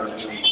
Amen.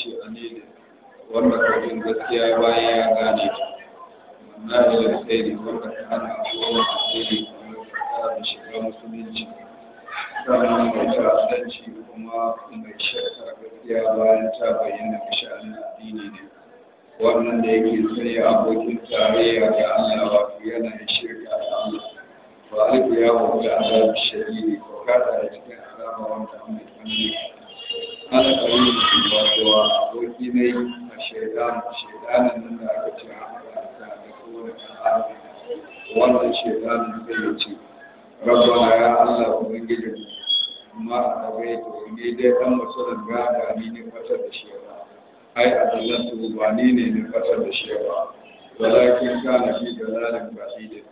ce a ne wannan kafin gaskiya bayan ya gane ta wannan da alkhairi wannan kan wannan alkhairi da shiga musulunci sannan mai ta'addanci kuma mai shakka gaskiya bayan ta bayyana ga addini ne wannan da yake sanya abokin tarayya ga Allah wato yana da shirka da Allah wa alƙiyahu ga Allah shari'i ko kada da cikin azaba wanda an mai tsanani ana ƙarfi wato aboki ne a shaidan shaidanin nan da aka ce a haɗa da kuma kowane ɗan wannan shaidanin zai yi ce na ya Allah ubangijin amma a ɗaure to ni dai ɗan masalan gada ni ne fatar da shi ba ai a zallantu ba ni ne ne fatar da shi ba walakin kana fi dalalin basidin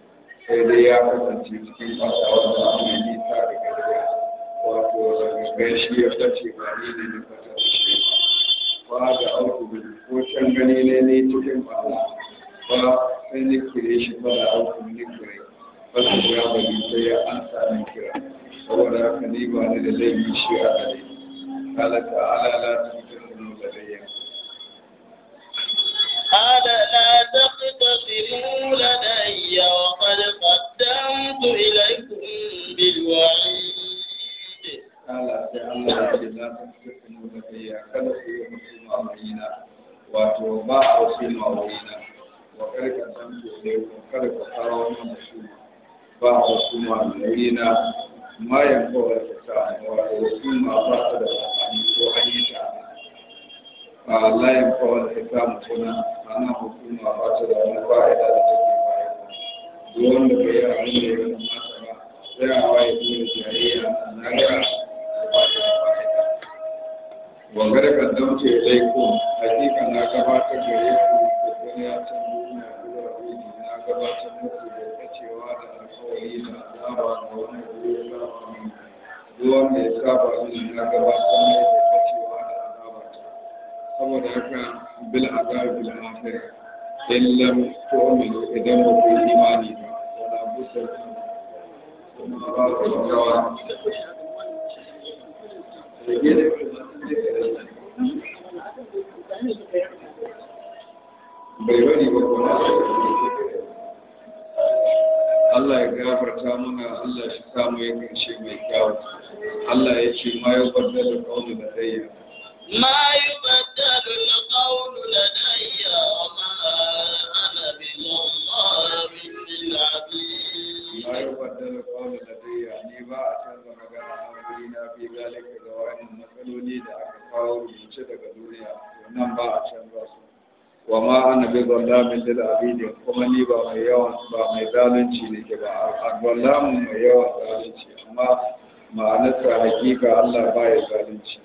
sai dai ya kasance cikin fasawar da ne ta da gaskiya wato gaishe ya tace ba ni ne na fata shi ba da auku bin ko can gani ne ne cikin bala ba sai ni kire shi ba da auku ni kire ba su ya ba ni sai ya ansa ni kira saboda haka ni ba ni da laifi shi a gare kala ta'ala la tuqsimu ladayya قال لا تقتصروا لدي وقد قدمت إليكم بالوعيد kala sai Allah ya ce za ta da kada ku yi musu ma'amalina wato ba a wasu ma'amalina wa kada ka san ku ne kada ka fara wani musu ba a wasu ma'amalina ma yanko wa ta wato wasu ma ba ta da amfani ko an a layin kawai da ta mutuna ana hukuma ba ta da wani fa'ida da take bayan duk wanda bai yi abin da ya kamata sai a waye dole jayayya na ga wangar kaddam ce laikun hakika na gabatar da yaku da duniya can nuna gurabe ne na gabatar muku da kacewa da alkawari da azaba da wani zuwa saba min ruwan da saba min na gabatar mai da kacewa da azaba ta saboda haka bil azab bil akhir illam tu'minu idan ba ku imani ba wala busa kuma ba ku jawa bai bari ba kuma Allah ya gafarta mana Allah shi samu ya karshe mai kyau Allah ya ce ma ya baddala kaunu da dayya ma ya baddala kaunu da dayya ma ana bi Allah min la yubaddal qawlu ba a canza magana a na fi zalika da aka kawo daga duniya wannan ba a canza su wa ma ana bi zallamin lil abidi kuma ni ba mai yawan ba mai zalunci ne ke ba al-zallamu mai yawan zalunci amma ma'anarsa hakika Allah ba ya zalunci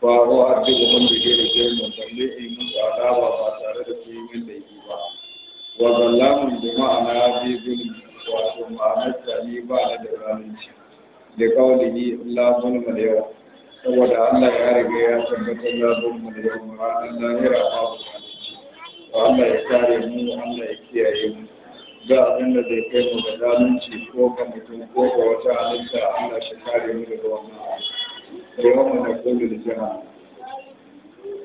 ba ko addu'a mun da ke mun balle in mun ba ba tare da kimin da yi ba wa zallamun bi ma'ana bi zulmi wato ma'anarta ni ba na da zalunci da ni la zulma da yawa. saboda Allah ya riga ya tabbatar la zulma da yau ranar lahira ba su zalunci to Allah ya kare mu Allah ya kiyaye mu ga abin da zai kai mu da zalunci ko ga mutum ko ga wata halitta Allah shi kare mu daga wannan abu yau mu na kullu da jama'a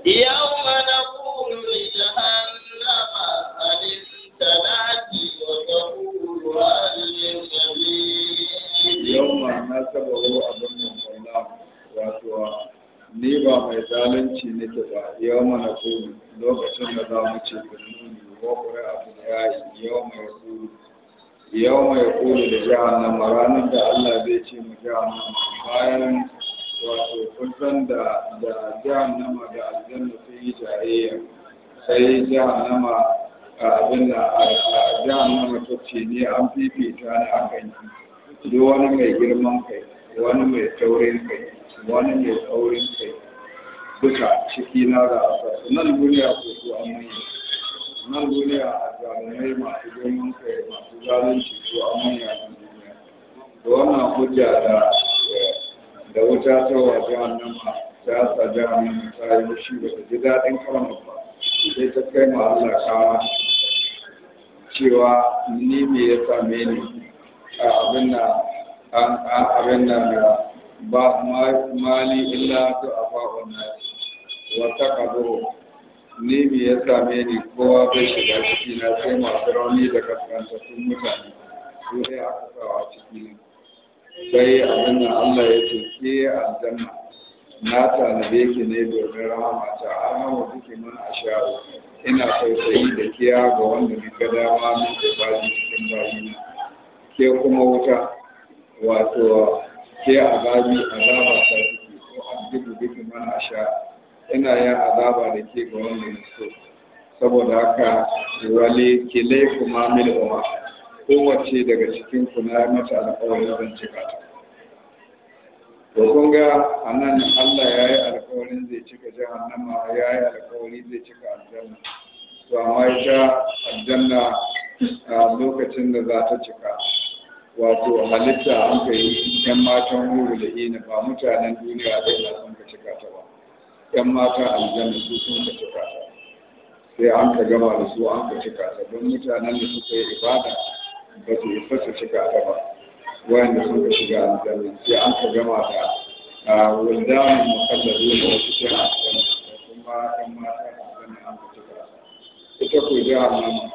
يوم نقول لجهنم هل امتلأت yawma na saba abin nan kaula ni ba mai zalunci ne nake ba yawma na kuma lokacin da za mu ce kununi ko kure abu da yayi yawma ya kuma yawma ya kuma da jahannama ranar da Allah zai ce mu jahannama bayan wato kusan da da jahannama da aljanna sun yi tarayya sai jahannama abin da a jahannama ta ce ne an fifita ni a kan ki duk wani mai girman kai wani mai taurin kai wani mai taurin kai duka ciki na da asar nan duniya ko su an mai nan duniya a jami'ai masu girman kai masu zalunci ko an mai a duniya da wannan hujja da da wuta ta wa jahannama ta sa jahannama ta yi shi ba ta ji daɗin karanta ba sai ta kai ma Allah kama cewa ni me ya same ni abin na abin na ba mali illa ta afa wannan. wa taqaburu ni me ya same ni kowa bai shiga ciki na sai masu rauni da kaskantattun mutane su ne aka sawa ciki sai abin nan Allah ya ce ke aljanna na tanabe ki ne domin rahama ta amma duke man asha'u ina tausayi da kiya ga wanda na ga dama min da bayi cikin bayina ke kuma wuta wato ke a azabi azaba ta ciki ko abdibu duke man asha'u ina yin azaba da ke ga wanda na so saboda haka wale kile kuma mil kowace daga cikin kuna mata alƙawarin zan cika ta to kun ga anan Allah ya yi alkawarin zai cika jahannama ya yi alkawari zai cika aljanna to amma ita aljanna a lokacin da za ta cika wato halitta an ka yi yan matan huru da ina ba mutanen duniya da na sun ka cika ta ba yan mata aljanna su sun ka cika ta sai an ka gama da su an ka cika ta don mutanen da suka yi ibada ba su yi fasa cika ta ba wanda sun ka shiga aljanna sai an ka gama da mu kalla da wasu ke aljanna da kuma ɗan mata aljanna an ka cika ita ku jahannama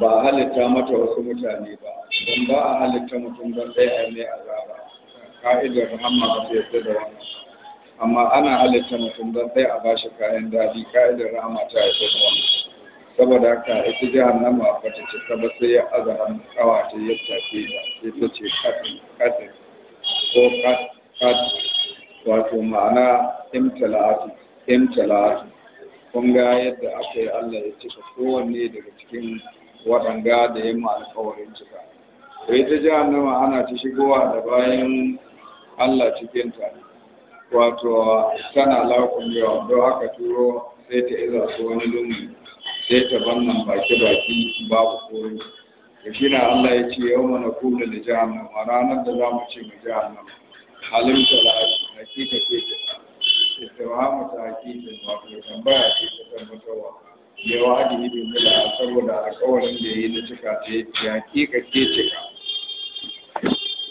ba a halitta mata wasu mutane ba don ba a halitta mutum dan ɗaya a mai azaba ka'idar rahama ba ta yadda da wannan amma ana halitta mutum dan ɗaya a bashi kayan daɗi ka'idar rahama ta yadda da wannan saboda haka ita jahannama ba ta cika ba sai ya aza hannu kawa ta ya tafi da sai ta ce katin ko katin wato ma'ana imtala'atu imtala'atu kun ga yadda aka yi Allah ya cika kowanne daga cikin waɗanga da ya ma alƙawarin cika to ita jahannama ana ta shigowa da bayan Allah cikin ta wato tana lakumewa don haka turo sai ta iza su wani lungu sai ta bannan baki baki babu koyo da shi na Allah ya ce yau mana kuna da jahannama ranar da za mu ce mu jahannama halin ta ke hakika ce ta istirahamu ta hakika wato tambaya ce ta tabbatarwa ya wa'adi ne bin mila saboda alƙawarin da yi na cika ta ya hakika ke cika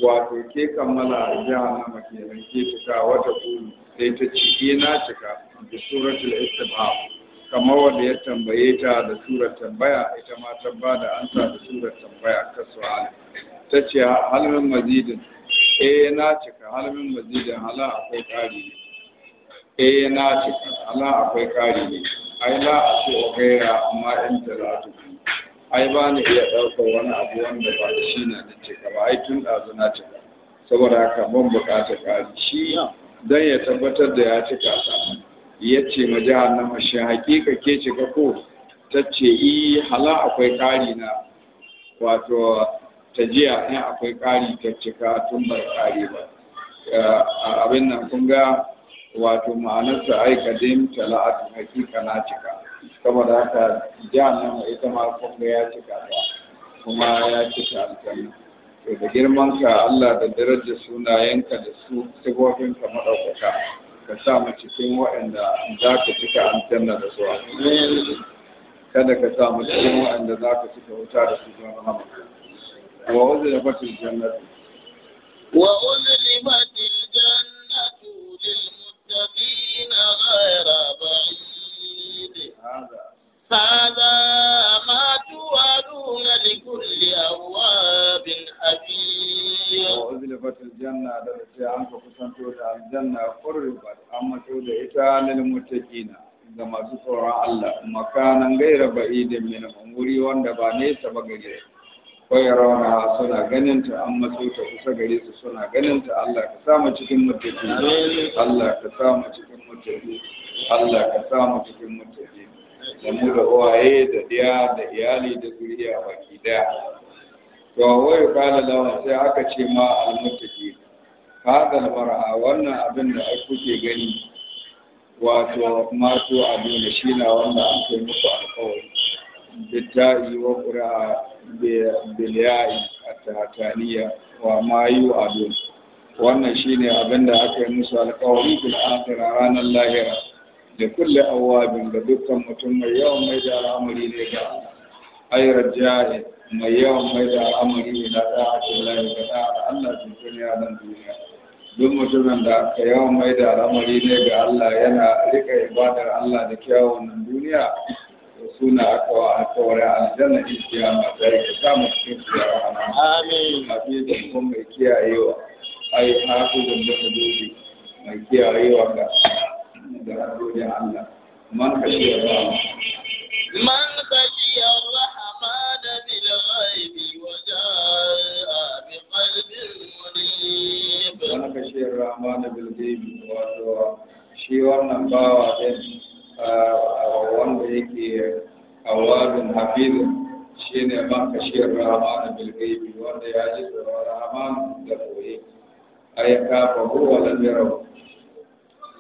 wato ke kammala jahannama kenan ke cika wata kuma sai ta ci ina eh, cika da suratul istibham kamar wanda ya tambaye ta da surar tambaya ita ma ta ba da ansa da surar tambaya ta su'ala ta ce halmin mazidin eh na cika halmin mazidin hala akwai ƙari ne eh na cika hala akwai ƙari ne ai la a ce wa gaira amma in ta za ta ai ba ni iya ɗaukar wani abu wanda ba da shi na da cika ba ai tun ɗazu na cika saboda haka ban buƙatar kari. shi don ya tabbatar da ya cika ta ya ce ma jahannama shi hakika ke ga ko ta ce yi eh, hala akwai ƙari na wato ta jiya in akwai kari ta cika tun bai ƙari ba eh, abin nan kun ga wato ma'anarsa ai kadim tala'atu hakika na cika saboda haka jahannama ita ma kun ga ya cika ta kuma ya cika aljanna to da girman ka Allah da darajar sunayenka da su ka madaukaka ka sa mu cikin waɗanda za ka cika aljanna da su kada ka sa mu cikin waɗanda za ka cika wuta da su don rahama wa uzuri batil jannatu wa uzuri batil jannatu lil muttaqina ghayra ba'id hada hada ma tu'aduna likulli awabin habib wa uzlifat aljanna da sai an ka kusanto da aljanna qurbat amma to da ita lil muttaqina ga masu tsoron Allah makanan gaira ba'idin min wuri wanda ba ne ta ba gare kai rawana suna ganin ta Amma matso ta kusa gare su suna ganin ta Allah ka samu cikin muttaqi Allah ka samu cikin muttaqi Allah ka samu cikin muttaqi da mu da uwaye da diya da iyali da zuriya baki daya to wai kala lawan sai aka ce ma almuttaqi hadal mar'a wannan abin da kuke gani wato mato abin da shi na wanda an kai muku alƙawari bitta'i wa qura'a bilya'i a tataniya wa ma adun. wannan shine abin da aka yi musu alƙawari bil akhirah ranar lahira da kulle awabin da dukkan mutum mai yawan mai da al'amari ne ga ayyar jahil mai yawan mai da na ila da'atin lahi ga da'a Allah sun duniya nan duniya duk mutumin da aka yawan mai da al'amari ne ga Allah yana rika ibadar Allah da kyawun nan duniya da suna aka wa aka wari aljanna in kiyama da ya samu cikin kiyama amin abin kun mai kiyayewa ai hafizun da hududi mai kiyayewa ga da hududin Allah man kashiya ba man kashiya Allah الغيب وجاء بقلب منيب ونك شي الرحمن بالغيب واتوا wannan bawa din wanda yake awadun hafizun shi ne makashiyar rahamanu bilgaibi wanda ya ji tsoron rahamanu da koyi a ya kafa kowa da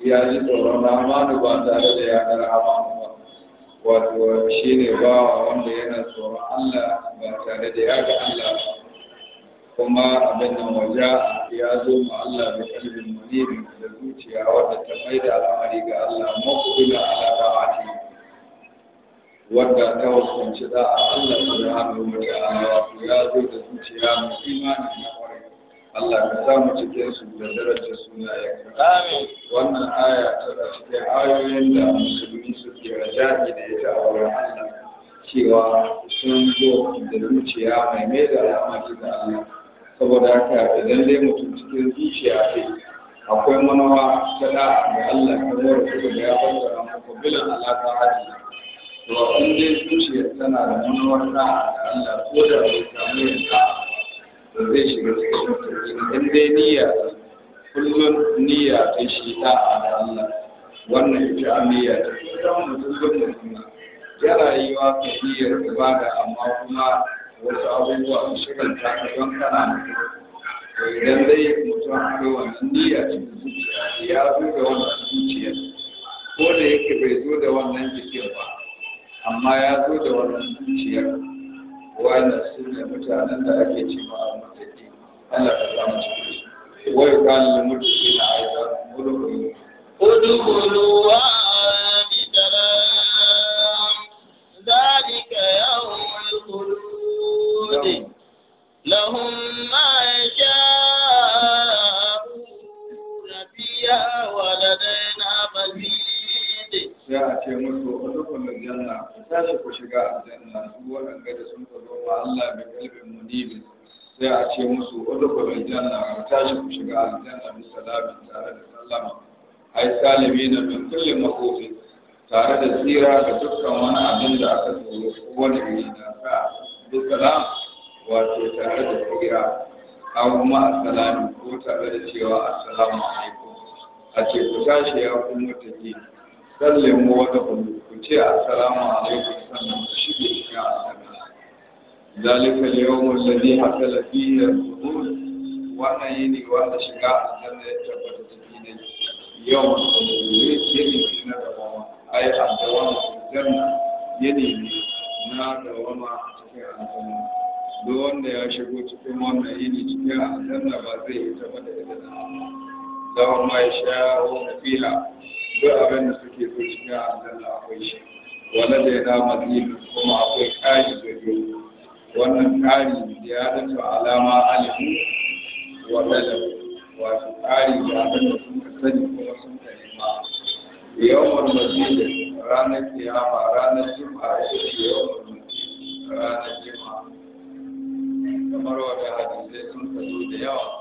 ya ji tsoron rahamanu ba da wato shi ne bawa wanda yana tsoron Allah ba tare da ya ga Allah kuma abin da waje ya zo ma Allah da kalbin munibin da zuciya wadda ta mai da al'amari ga Allah maƙudula ala ba'ati wadda ta hukunci da Allah subhanahu wa ta'ala ya zo da zuciya mai imani na Allah ka sa mu cikin su da darajar sunayen amin wannan aya tana cikin ayoyin da musulmi suke raja'i da ita a wurin Allah cewa sun zo da zuciya mai mai da alama ga Allah saboda haka idan dai mutum cikin zuciya ke akwai manawa ta da da Allah kamar su da ya fara amma bilan alaka haji. to in dai zuciya tana da manawar da Allah ko da bai samu zai shiga cikin in dai niyya kullum niyya ta shi ta da Allah wannan ita niyya ta kullum mutum yana yi wa ta niyyar da amma kuma wasu abubuwa su shigar ta don kana to idan dai mutum akwai wannan niyya cikin zuciya ya zo da wannan zuciya ko da yake bai zo da wannan jikin ba amma ya zo da wannan zuciyar wannan su ne mutanen da ake ce ma al-mutaki Allah ka zama cikin su wai kan limurci na aika mulkun udkhulu wa bidalam zalika yawmul khulud lahum ma wa ladaina mazid ya ce musu udkhulu yana tashi ku shiga aljanna duk waɗanda da sun zo wa Allah bi kalbin munibin sai a ce musu udkhul aljanna ku tashi ku shiga aljanna bi salamin tare da sallama ai na min kulli makhufin tare da tsira ga dukkan wani abin da aka tsoro ko wani da ka sa bisalam wato tare da tsira an kuma assalamu ko tare da cewa assalamu alaikum a ce ku tashi ya kuma take sallimu wa da ce assalamu alaikum sannan ku shige cikin aljanna zalika al-yawm alladhi hasala fihi al-qubul wannan yini wanda shiga a aljanna ya tabbata ciki ne yawm yini na dawama ai ad-dawama fil janna yini na dawama cikin aljanna duk wanda ya shigo cikin wannan yini cikin aljanna ba zai tabbata da dawama lahum ma ya sha yasha'una fiya. duk abin da suke so cikin aljanna akwai shi wala da ya yana mazid kuma akwai kari da yau wannan kari da ya dace alama alifu wa dalal wato kari da abin da suka sani kuma sun ka nema yawmar mazid ranar kiyama ranar juma'a ita ce yawmar mazid ranar juma'a kamar wata hadisai sun ka zo da yawa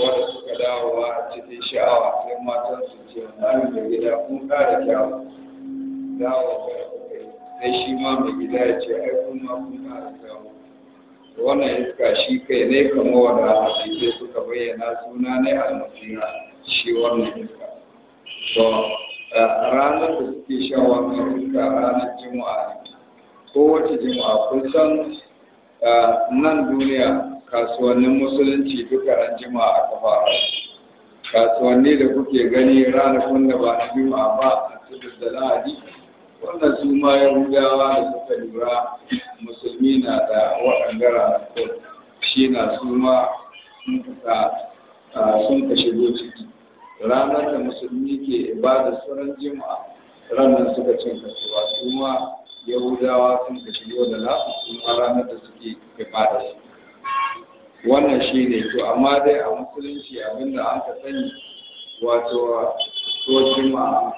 wanda suka dawowa cikin sha'awa sai matan su ce mami mai gida kun kara kyawu dawo da kuka yi sai shi ma mai gida ya ce ai kun ma kun kara kyawu wannan iska shi kai ne kama wanda cikin suka bayyana suna ne almasiha shi wannan iska to ranar da suke shan wannan iska ranar juma'a kowace juma'a jima'a san nan duniya kasuwannin musulunci duka an jima a kafa kasuwanni da kuke gani ranakun da ba na jima ba a cikin da lahadi wannan su ma yahudawa da suka lura musulmi na da waɗanda ranakun shi na su ma sun ka shigo ciki ranar da musulmi ke da sunan jima'a ranar suka cin kasuwa su ma yahudawa sun ka shigo da lasu su ma ranar da suke da su wannan shi ne to amma dai a musulunci abinda an ka sani wato kasuwar jima'a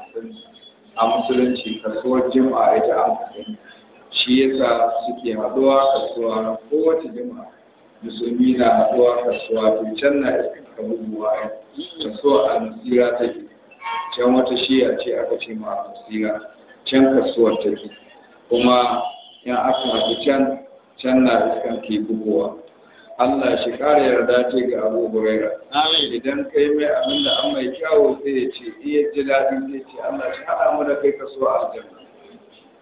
a musulunci kasuwar jima'a ita an ka sani shi yasa suke haɗuwa kasuwa kowace jima'a musulmi na haɗuwa kasuwa to can na iska abubuwa kasuwa a nasira ke can wata shiya ce aka ce ma nasira can kasuwar ke, kuma yan aka haɗu can can na iska ke buguwa. Allah shi kare yarda ce ga Abu Huraira. Amin. Idan kai mai abin da an mai kyawo sai ya ce in ya ji daɗi sai ce Allah shi haɗa mu da kai ka so aljanna.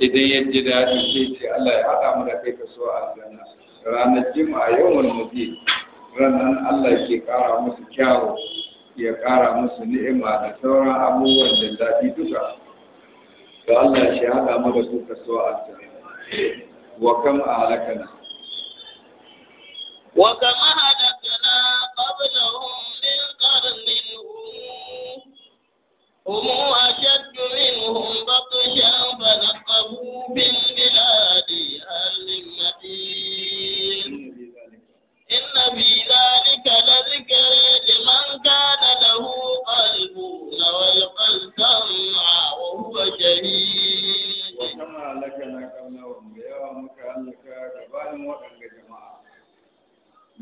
Idan ya ji daɗi sai ce Allah ya haɗa mu da kai ka so aljanna. Ranar Juma'a yawan mutu ranar Allah ke ƙara musu kyawo ya ƙara musu ni'ima da sauran abubuwan da daɗi duka. Ga Allah shi haɗa mu da su ka so aljanna. Wa kam a وكم أهلكنا قبلهم من قرن هم أشد منهم بطشا فنقبوا في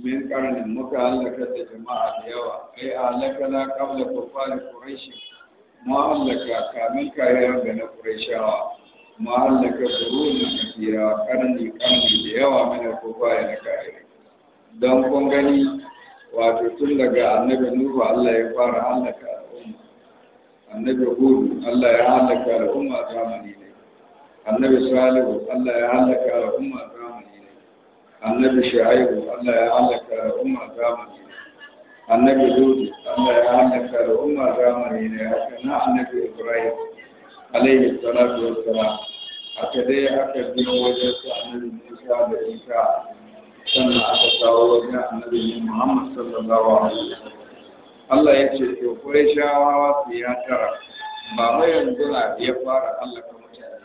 min karnin muka hallaka da jama'a da yawa ai a halaka na kamla kufari ƙuraishi ma hallaka kamin kariyar da na ƙuraishawa ma hallaka na kafira karni karni da yawa mana kufari na kariyar don kun gani wato tun daga annabi nuhu allah ya fara hallaka al'umma annabi hudu allah ya hallaka al'umma zamani ne annabi salihu allah ya hallaka al'umma zamani annabi shu'aibu Allah ya halaka umma zamani annabi hudu Allah ya halaka Umma zamani ne haka na annabi ibrahim alayhi salatu wassalam haka dai haka biyo wajen su annabi musa da isa sannan aka kawo wajen annabi muhammad sallallahu alaihi wasallam Allah ya ce to kurai shawawa su ya tara ba mai yanzu na ya fara Allah ka mutane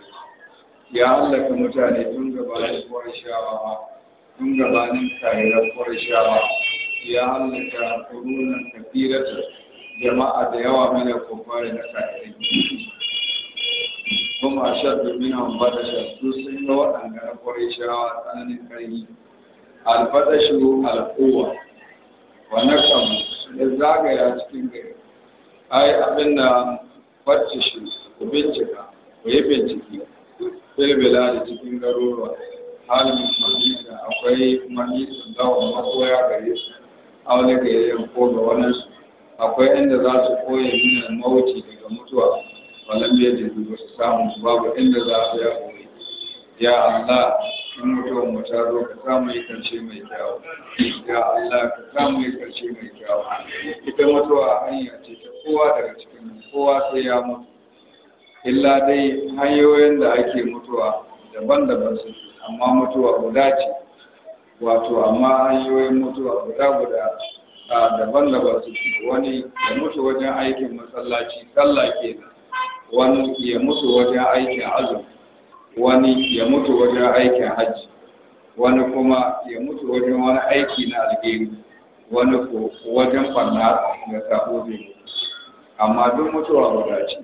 ya Allah ka mutane tun gaba da kurai shawawa tun gabanin kayarar ƙwarishawa ya hallaka kurunan kafirata jama'a da yawa mana kofari na kayarai kuma shaddu min ambadasha su sun yi waɗanda na ƙwarishawa tsananin ƙarfi albadashu al'uwa wani kam ya zagaya cikin gari ai abin da farce shi ku bincika ku yi bincike bilbila da cikin garuruwa halin mamita akwai mamitin zawon makoya gare su a wani yayin ko ga wani su akwai inda za su koya nuna mawuci daga mutuwa walam ya da ba su samu babu inda za su ya koyi ya Allah in mutuwan mu ta zo ka samu yi karshe mai kyawu ya Allah ka samu yi karshe mai kyawu ita mutuwa hanya ce ta kowa daga cikin kowa sai ya mutu illa dai hanyoyin da ake mutuwa daban-daban su amma mutuwa guda ce wato amma hanyoyin mutuwa guda guda daban-daban su wani ya mutu wajen aikin masallaci sallah kenan wani ya mutu wajen aikin azumi wani ya mutu wajen aikin hajji wani kuma ya mutu wajen wani aiki na alheri wani ko wajen farna da sabo amma duk mutuwa guda ce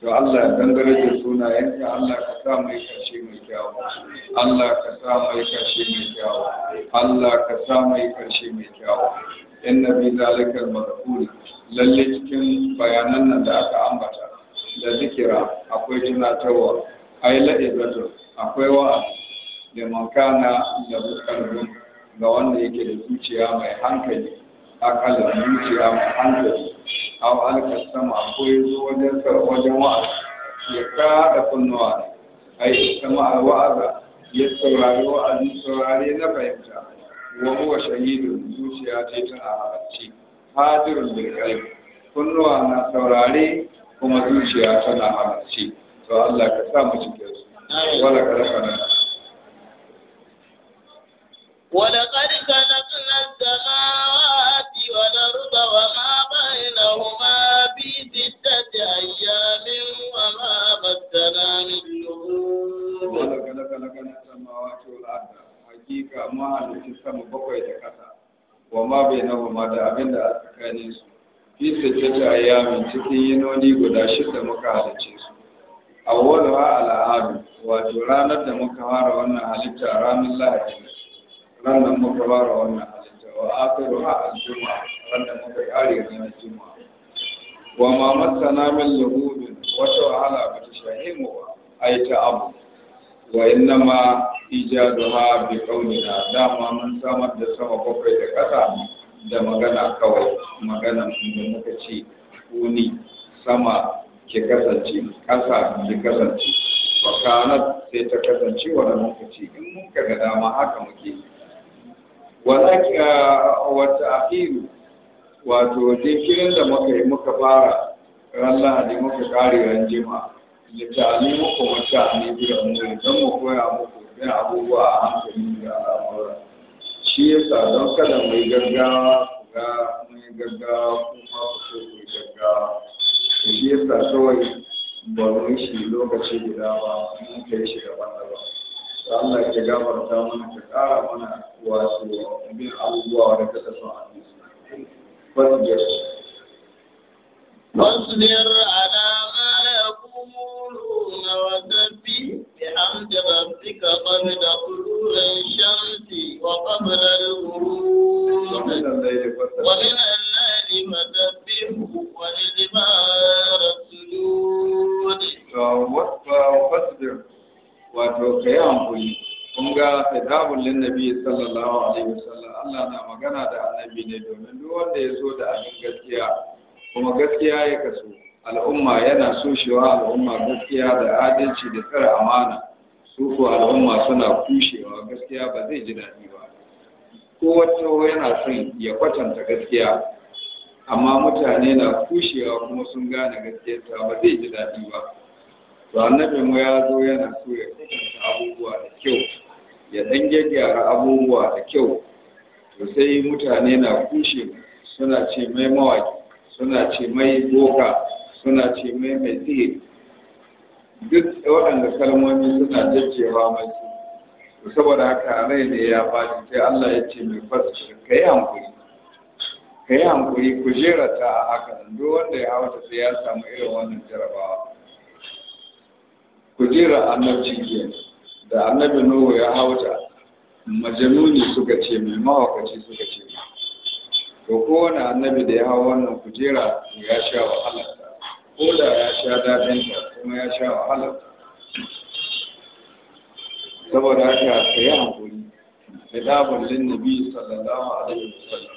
to Allah ya dangare da sunayenka Allah ka sa mai kashe mai kyawu Allah ka sa mai kashe mai kyawu Allah ka sa mai kashe mai kyawu inna bi zalika al lalle cikin bayanan nan da aka ambata da zikira akwai tunatarwa ai la'ibatu akwai wa'azi da makana da bukalbun ga wanda yake da zuciya mai hankali akala zuciya mai hankali au alkasama sama akwai wajen wajen wa'azi ya kada kunnuwa ai kama alwa'aza ya saurari wa'azin saurari na fahimta wa huwa shahidun zuciya ce tana halarci hadirun bil qalbi kunnuwa na saurari kuma zuciya tana halarci to Allah ka sa mu cikin su wala karfana ولقد خلقنا السماوات والأرض وما بينهما في ستة أيام وما مسنا من لغة hakika mun halittu sama bakwai da ƙasa wa ma bai na ma da abin da a tsakanin su fi sittata ayyamin cikin yinoni guda shida muka halice su A wani wa al'adu wato ranar da muka fara wannan halitta ranar lahadi ranar muka fara wannan halitta wa aka ruwa a juma ranar muka kare ranar juma wa ma masana min lahudin wata wahala ba ta shahimu ba yi ta abu wa innama ijaduha bi kaunina dama mun samar da sama bakwai da ƙasa da magana kawai magana da muka ce kuni sama ke kasance ƙasa ke kasance wakanat sai ta kasance wani muka ce in mun ga dama haka muke walaki wata ahiru wato jinkirin da muka yi muka fara ran lahadi muka kare ran jima da ta ne muku wata ne biyar mu don mu koya muku bin abubuwa a hankali ga al'amura shi yasa don kada mu yi gaggawa ga mu gaggawa kuma ku so ku yi gaggawa shi yasa kawai ba mu yi shi lokaci guda ba mun kai shi gaban da ba, Allah ya gafarta mana ka ƙara mana wasu bin abubuwa da ka tafi a nisa. Fasbir. Fasbir ala بربك قبل طلوع الشمس وقبل الغروب ومن الليل فسبحه وإدبار السجود فاصبر wato ka yi hankuli kun ga hijabun linnabi sallallahu alaihi wasallam Allah na magana da annabi ne domin duk wanda ya so da abin gaskiya kuma gaskiya ya kaso al'umma yana so shewa al'umma gaskiya da adalci da tsare amana su al'umma suna kushewa gaskiya ba zai ji daɗi ba ko wata yana son ya kwatanta gaskiya amma mutane na kushewa kuma sun gane ta ba zai ji daɗi ba to annabi mu ya zo yana so ya kwatanta abubuwa da kyau ya ɗan gyaggyara abubuwa da kyau to sai mutane na kushe suna ce mai mawaki suna ce mai boka suna ce mai mai sihiri duk waɗanda kalmomi suna jajjewa mai su saboda haka rai ne ya faɗi sai Allah ya ce mai fasir ka yi hankuri ka yi hankuri ku jera ta a hakan duk wanda ya hauta sai ya samu irin wannan jarabawa ku jera annabci ke da annabi Nuhu ya hauta majanuni suka ce mai mawakaci suka ce to kowane annabi da ya hau wannan jera ya sha wahalarsa Kola ya sha ta kuma ya sha wahala. saboda haka ka yi hankuri da dabon linnabi sallallahu alaihi wasallam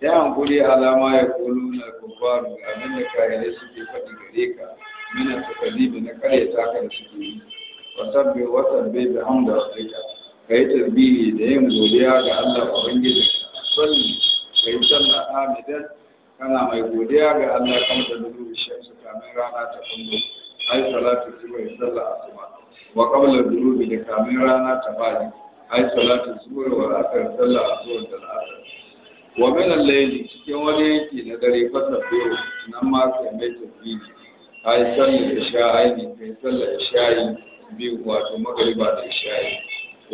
ya hankuri alama ya kulu na kubbaru abin da kayayyar suke faɗi gare ka mina tukalibi na kare taka da suke yi wasabbe wasabbe bi hamda Ka kai tasbihi da yin godiya ga Allah ubangiji salli kai sallah amidan kana mai godiya ga Allah kan da nuru shamsu kamin rana ta kullu ai salatu zuwa sallah asuba wa qabla durubi da kamin rana ta fadi ai salatu zuwa wa asar a asuba da asar wa min al cikin wani yanki na dare biyu nan ma kai mai tafiyi ai sha isha'i ne ya sha isha'i biyu wato magariba da isha'i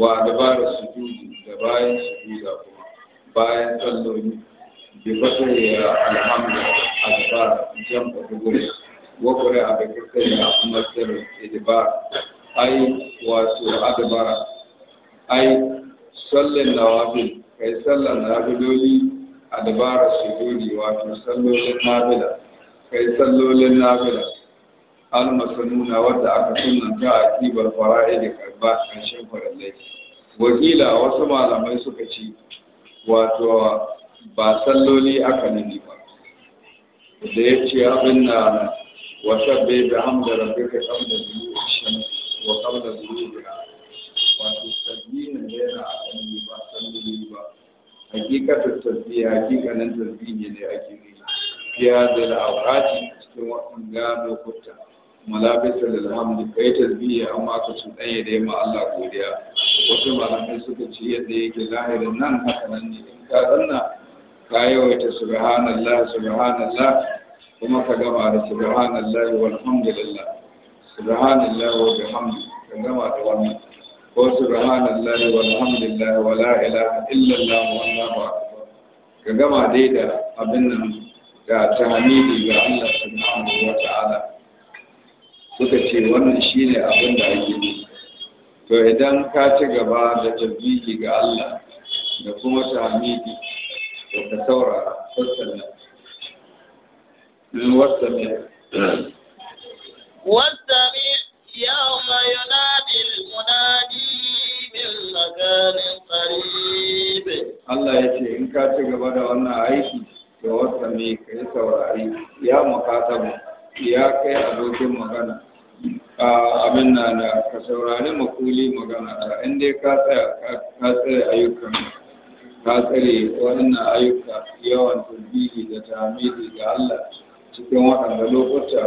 wa dabarar sujudi da bayan sujuda kuma bayan salloli yubatu alhamdulillah alba jam kuburi wakore abe kutani amasir ediba ai wasu adba ai sallin nawabil kai sallan nabiloli adbara sujudi wato sallolin nabila kai sallolin nabila almasanuna wadda aka sunna ta akibar fara'id karba kan shin farallai wakila wasu malamai suka ci wato ba salloli aka nini ba da ya ce abin na wata bai da hamda rabe ka kamda zuwa shan wa kamda zuwa da wato tabbina da yana a kan ba salloli ba hakikatar tasbiya hakikanin tasbiya ne ake yi fiya da al'aukati cikin wasan gano lokuta malabisa da alhamdu kai tasbiya amma ka ci tsaye da yamma Allah godiya wasu malamai suka ce yadda yake lahirin nan haka nan ne in ka zanna ka subhanallah subhanallah kuma ka gama da subhanallah walhamdulillah subhanallah wa bihamdi ka gama da wannan ko subhanallah walhamdulillah wala ilaha illallah wallahu akbar ka gama dai da abin nan ga tahmidi ga Allah subhanahu wa ta'ala suka ce wannan shine abin da ake yi to idan ka ci gaba da tabbiki ga Allah da kuma tahmidi ka saurara wasanni wasanni wasanni يوم ينادي المنادي من مكان قريب الله يجي إن كاتب غبدا وانا عايشي wasanni ka yi saurari ya makatabu ya kai abokin magana a abin na ka saurari makuli magana da inda ka tsaya ayyukan ka tsare wannan ayyuka yawan tasbihi da tamidi ga Allah cikin waɗanda lokuta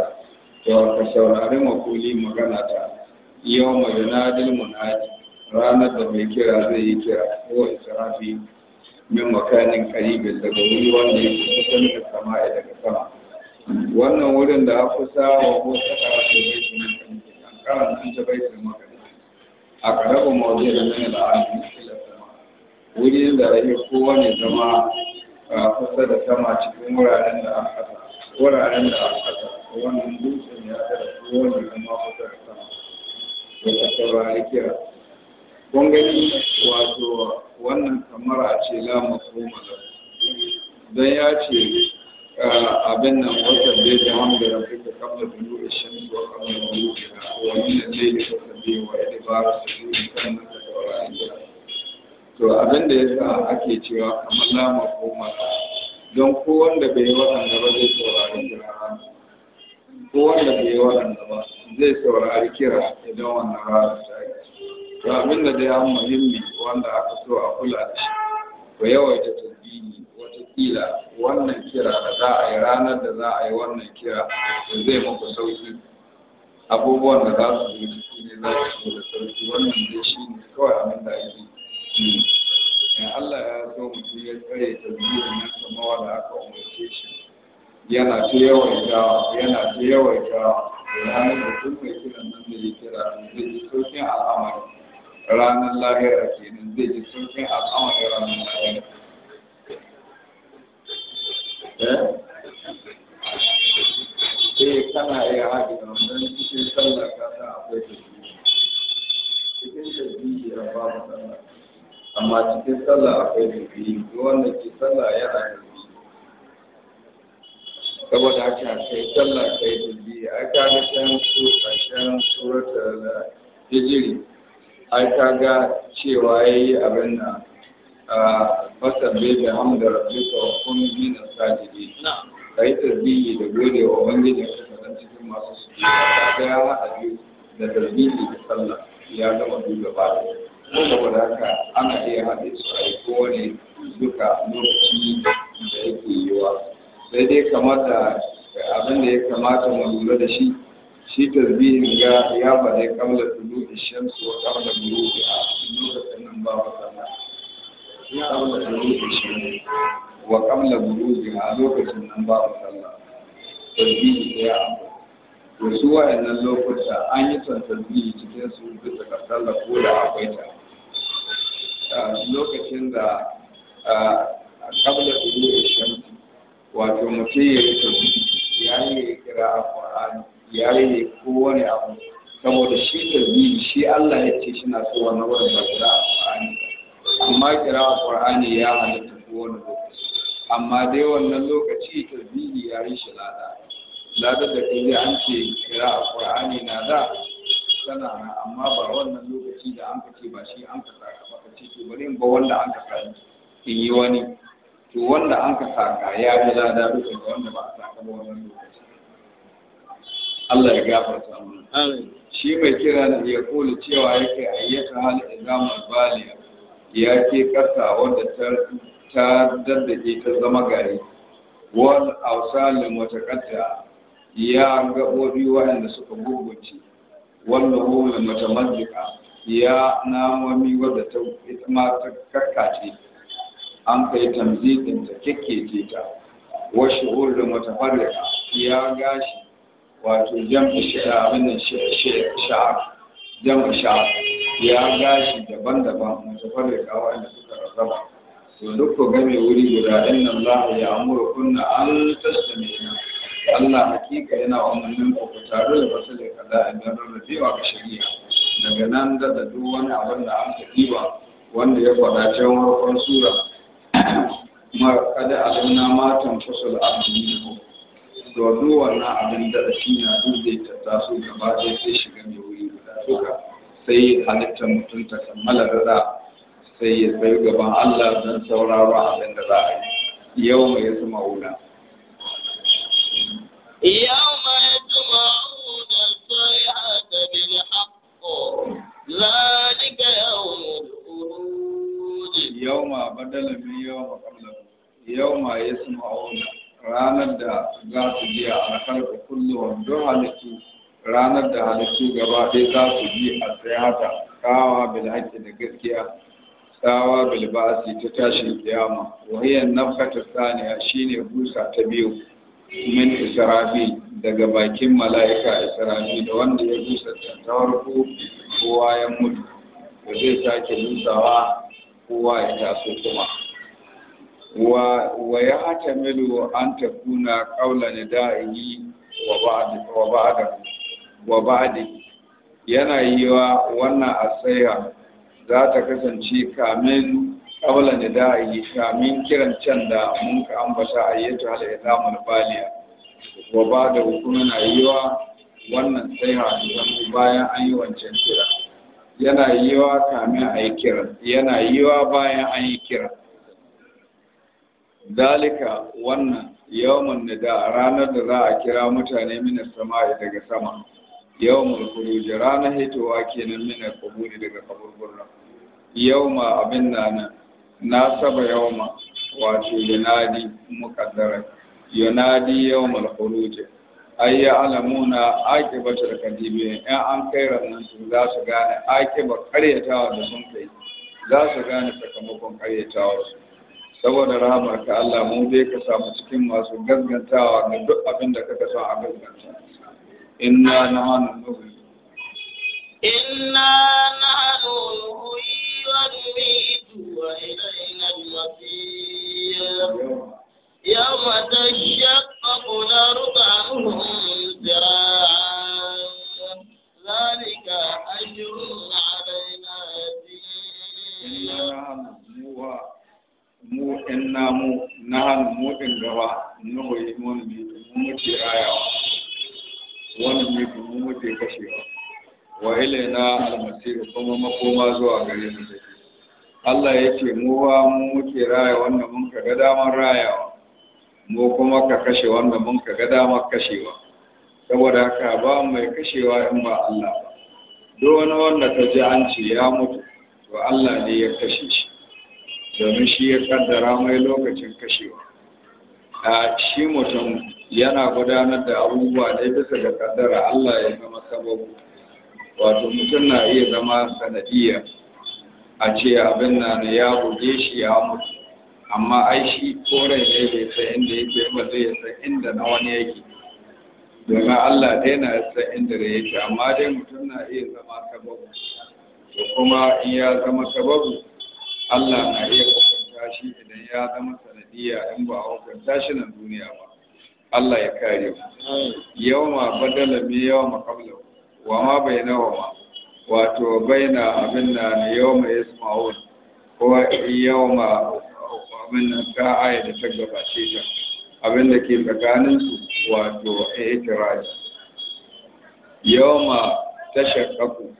to ka saurari makuli magana ta yau mai yunadil munadi ranar da mai kira zai yi kira ko israfi min makanin karibin daga wuri wanda ya kusa da sama daga sama wannan wurin da aka kusa wa ko ta karatu ne shi ne kan karanta ta baitul a karabu da min da alim wuri da rahi kowane zama a kusa da sama cikin wuraren da aka wuraren da aka wannan dutsen ya da kowane zama kusa da sama da ta kira kun gani wato wannan kamar a ce mu koma da Dan ya ce abin nan watan da ya hamdu da kuka kamar dulu da shan zuwa kamar dulu da wani da ne da kuka biyu wa da ne kan da saurari to abin da ya sa ake cewa kamar lama ko mata don ko wanda bai yi waɗanda ba zai saurari kira ko wanda bai yi waɗanda ba zai saurari kira idan wannan rana ta yi to abin da dai an muhimmi wanda aka so a kula da shi ko yawaita wata watakila wannan kira da za a yi ranar da za a yi wannan kira zai muku sauki abubuwan da za su yi ne za su da sauki wannan dai shi ne kawai abin da ake addini in Allah ya so mutum ya tsare tasbihin nan samawa da aka umarce shi yana ta yawaita yana ta yawaita ranar da duk mai kiran nan da ya kira zai ji sauƙin al'amari ranar lahira kenan zai ji sauƙin al'amari ranar lahira sai kana iya haɗe da wannan cikin sallah ka akwai tasbihi cikin tasbihi a babu sallah amma cikin sallah akwai bibiyi duk wanda ke sallah yana yanzu. saboda a kai sallah kai bibiyi ai ka ga can su surata da hijiri ai ka ga cewa ya yi abin nan fasabbe da hamdar rabbika wa kun min sajidi kai tarbiyyi da gode wa ubangiji ka san cikin masu a ka ga ya haɗa da tarbiyyi da sallah ya gama duk gaba da saboda haka ana iya haɗe su a kowane duka lokaci da yake yiwa sai dai kamata abin da ya kamata mu lura da shi shi tasbihin ga ya faɗa kamla tulu da shamsu wa kamla buru da a lokacin nan ba mu sana ya kamla tulu da shamsu wa kamla buru da a lokacin nan ba mu sana tasbihi ya to su wa'annan lokuta an yi son tasbihi cikin su bisa kasalla ko da akwai ta lokacin da kabla da shan wato mutum ya yi tafi ya yi kira a ƙwararri ya yi kowane abu saboda shi tarbiyyar shi Allah ya ce shina so wannan wurin da kira a ƙwararri amma kira a ƙwararri ya halitta kowane lokaci amma dai wannan lokaci tarbiyyar ya yi shi lada lada da kai an ce kira a ƙwararri na da tana amma ba wannan lokacin da an kace ba shi an ka saka ba ka ce to bari in ba wanda an ka saka in yi wani to wanda an ka saka ya fi lada duka da wanda ba a saka ba wannan lokaci Allah ya gafarta mu amin shi mai kira da ya kula cewa yake ayyata hal izamul baliya ya ke kasa wanda ta ta daddake ta zama gari wal awsal mutaqatta ya ga wani waɗanda suka gurgunce wannan mata matamajika ya namomi wadda ta ita ma ta karkace an kai tamzidin ta ce ta wa hulun mata mutafarrika ya gashi wato jam'i shida abin sha'a jam'i ya gashi daban-daban mutafarrika wanda suka razaba to duk ku game wuri guda nan za a yi amuru kunna an nan. Allah hakika yana umarnin ku ku taru da wasu da kalla a da ga shari'a daga nan da duk wani abin da an ba wanda ya faɗa can farkon sura ma kada alimna matan tanfusul abin ku to duk wannan abin da shi na duk zai su gaba ɗaya sai shiga mai wuri guda duka sai halittar mutum ta kammala rada sai ya tsayu gaban Allah don sauraro abin da za a yi yau mai yasa ma'una يوم يجمعون الصيحة بالحق ذلك يوم الخروج يوم بدل من يوم قبله يوم يسمعون ranar da za su biya a kalba kullum don halittu ranar da halittu gaba ɗaya za su bi a tsayata kawa bil haƙƙi da gaskiya tsawa bil ba'asi ta tashin kiyama wahiyan nafkata saniya shine busa ta biyu min israfi daga bakin mala'ika israfi da wanda ya busa tantawar farko kowa ya mutu da zai sake busawa kowa ya taso kuma wa wa ya atamilu an takuna qawla nida'i wa ba'd wa ba'd wa ba'd yana yiwa wannan asaya za ta kasance kamin kawalan da da a yi kamin kiran can da mun ka ambata a yi tuhal izamul baliya wa ba da hukumin ayyuwa wannan sai hadisan bayan an yi wancan kira yana yiwa kamin a yi kira yana yiwa bayan an yi kira dalika wannan yawon da da ranar da za a kira mutane minar sama'i daga sama yawon kuruji ranar hitowa kenan minar kaburi daga kaburburan yau ma abin na nan na saba yawma wato yunadi muqaddara yunadi yawmal khuruj ay ya'lamuna aqibatul kadibi in an kai ranan su za su gane aqiba karyatawa da sun kai za su gane sakamakon karyatawa su saboda rahama ka Allah mu dai ka samu cikin masu gaggantawa da duk abin da kaka son a gaskanta inna nahanu nuhi inna nahanu nuhi ونميت وإلينا المصير يوم تشقق الأرض عنهم mu gaba wani mu ayawa wani mu wa ilaina almasir kuma makoma zuwa gare mu take Allah yake mu wa muke raya wanda mun ka ga damar rayawa mu kuma ka kashe wanda mun ka ga damar kashewa saboda haka ba mai kashewa in ba Allah ba duk wani wanda ta ji an ce ya mutu to Allah ne ya kashe shi domin shi ya kaddara mai lokacin kashewa a shi mutum yana gudanar da abubuwa ne bisa ga kaddara Allah ya zama sababu wato mutum na iya zama sanadiyya a ce abin na ya buge shi ya mutu amma ai shi koren ya bai san inda yake ba zai san inda na wani yake domin Allah dai na san inda da yake amma dai mutum na iya zama sababu to kuma in ya zama sababu Allah na iya hukunta shi idan ya zama sanadiyya in ba a hukunta shi na duniya ba Allah ya kare mu yawma badala mi yawma qablahu wa ma bai nawa wato bai na abin na yau mai isma'ul ko yau ma abin da ka aya da ta gabace ta abin da ke tsakaninsu wato a itiraji yau ma ta shakaku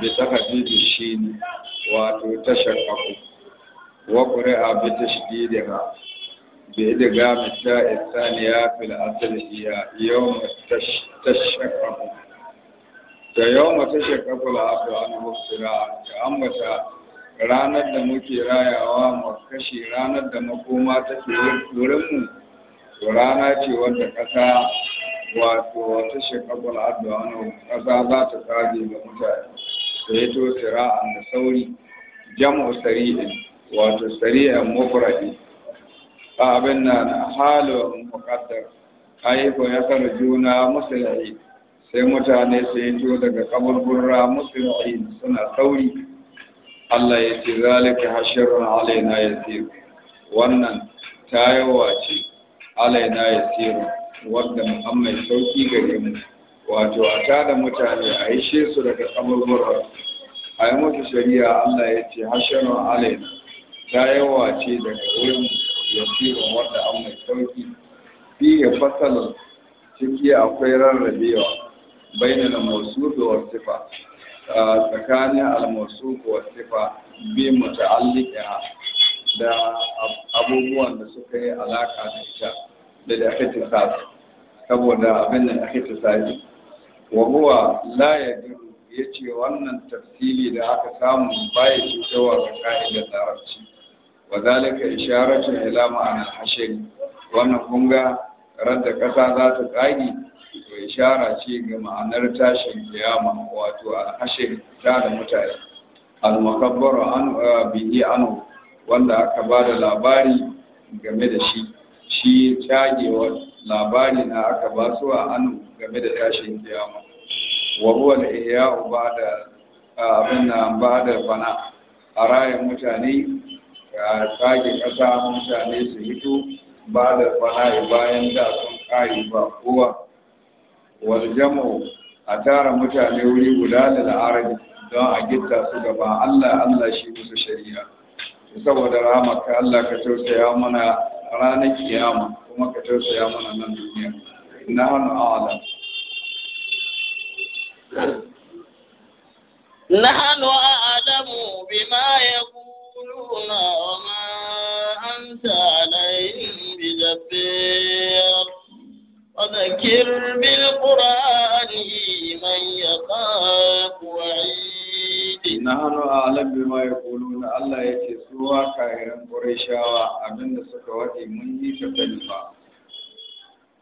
bi ta hadidu shi ne wato ta shakaku wa a bi ta shididi ha بإدغام التاء الثانية في الأصل هي ta shakaku da yawan mata shekaru la'adu an mafira da ambata ranar da muke rayawa mu kashe ranar da makoma ta ke wurinmu to rana ce wadda ƙasa wato wata shekaru la'adu an ƙasa za ta tsage ga mutane da ya to a da sauri jam'u sari'in wato sari'an mafuraɗi abin na halin muqaddar ayyuka ya juna musulahi sai mutane su yi daga gurra, musulmi suna sauri Allah ya ce zalika hashirun alaina yasir wannan ta tayowa ce alaina ya yasir wanda Muhammad sauki gare mu wato a tada mutane a yi su daga gurra? a yi mutu shari'a Allah ya ce hashirun alaina ta tayowa ce daga wurin yasirin wanda an mai sauki fiye fasalin ciki akwai rarrabewa bainal mawsuf wa sifa ah, tsakanin al-mawsuf wa sifa bi muta'alliqa da abubuwan da suka yi alaƙa da ita da da ihtisas saboda abin da ihtisas wa huwa la yadiru wannan tafsili da aka samu baya cutarwa ga ka'idar larabci wa zalika isharatu ila ma'anar hashari wannan kunga radda ƙasa za ta tsagi to ishara ce ga ma'anar tashin kiyama wato ta tare mutane al-makabbaru an bihi anu wanda aka ba da labari game da shi shi cagewa labari na aka ba su a anu game da tashin kiyama wa huwa al-ihya'u ba'da abin nan ba'da fana a rayin mutane ga tsage ƙasa mutane su hito ba da fana bayan da sun kare ba kowa Waljamu a tara mutane wuri guda da la'arar don a gita su gaba Allah Allah shi musu shari'a saboda rama ka Allah ka tausaya mana ranar kiyama kuma ka tausaya mana nan duniya na hannu a'alam نحن أعلم بما يقولون وما أنت فذكر بالقرآن من يخاف وعيد نحن أعلم بما يقولون الله يتسوى كائرا قريشا أبن سكواتي مني كتنفا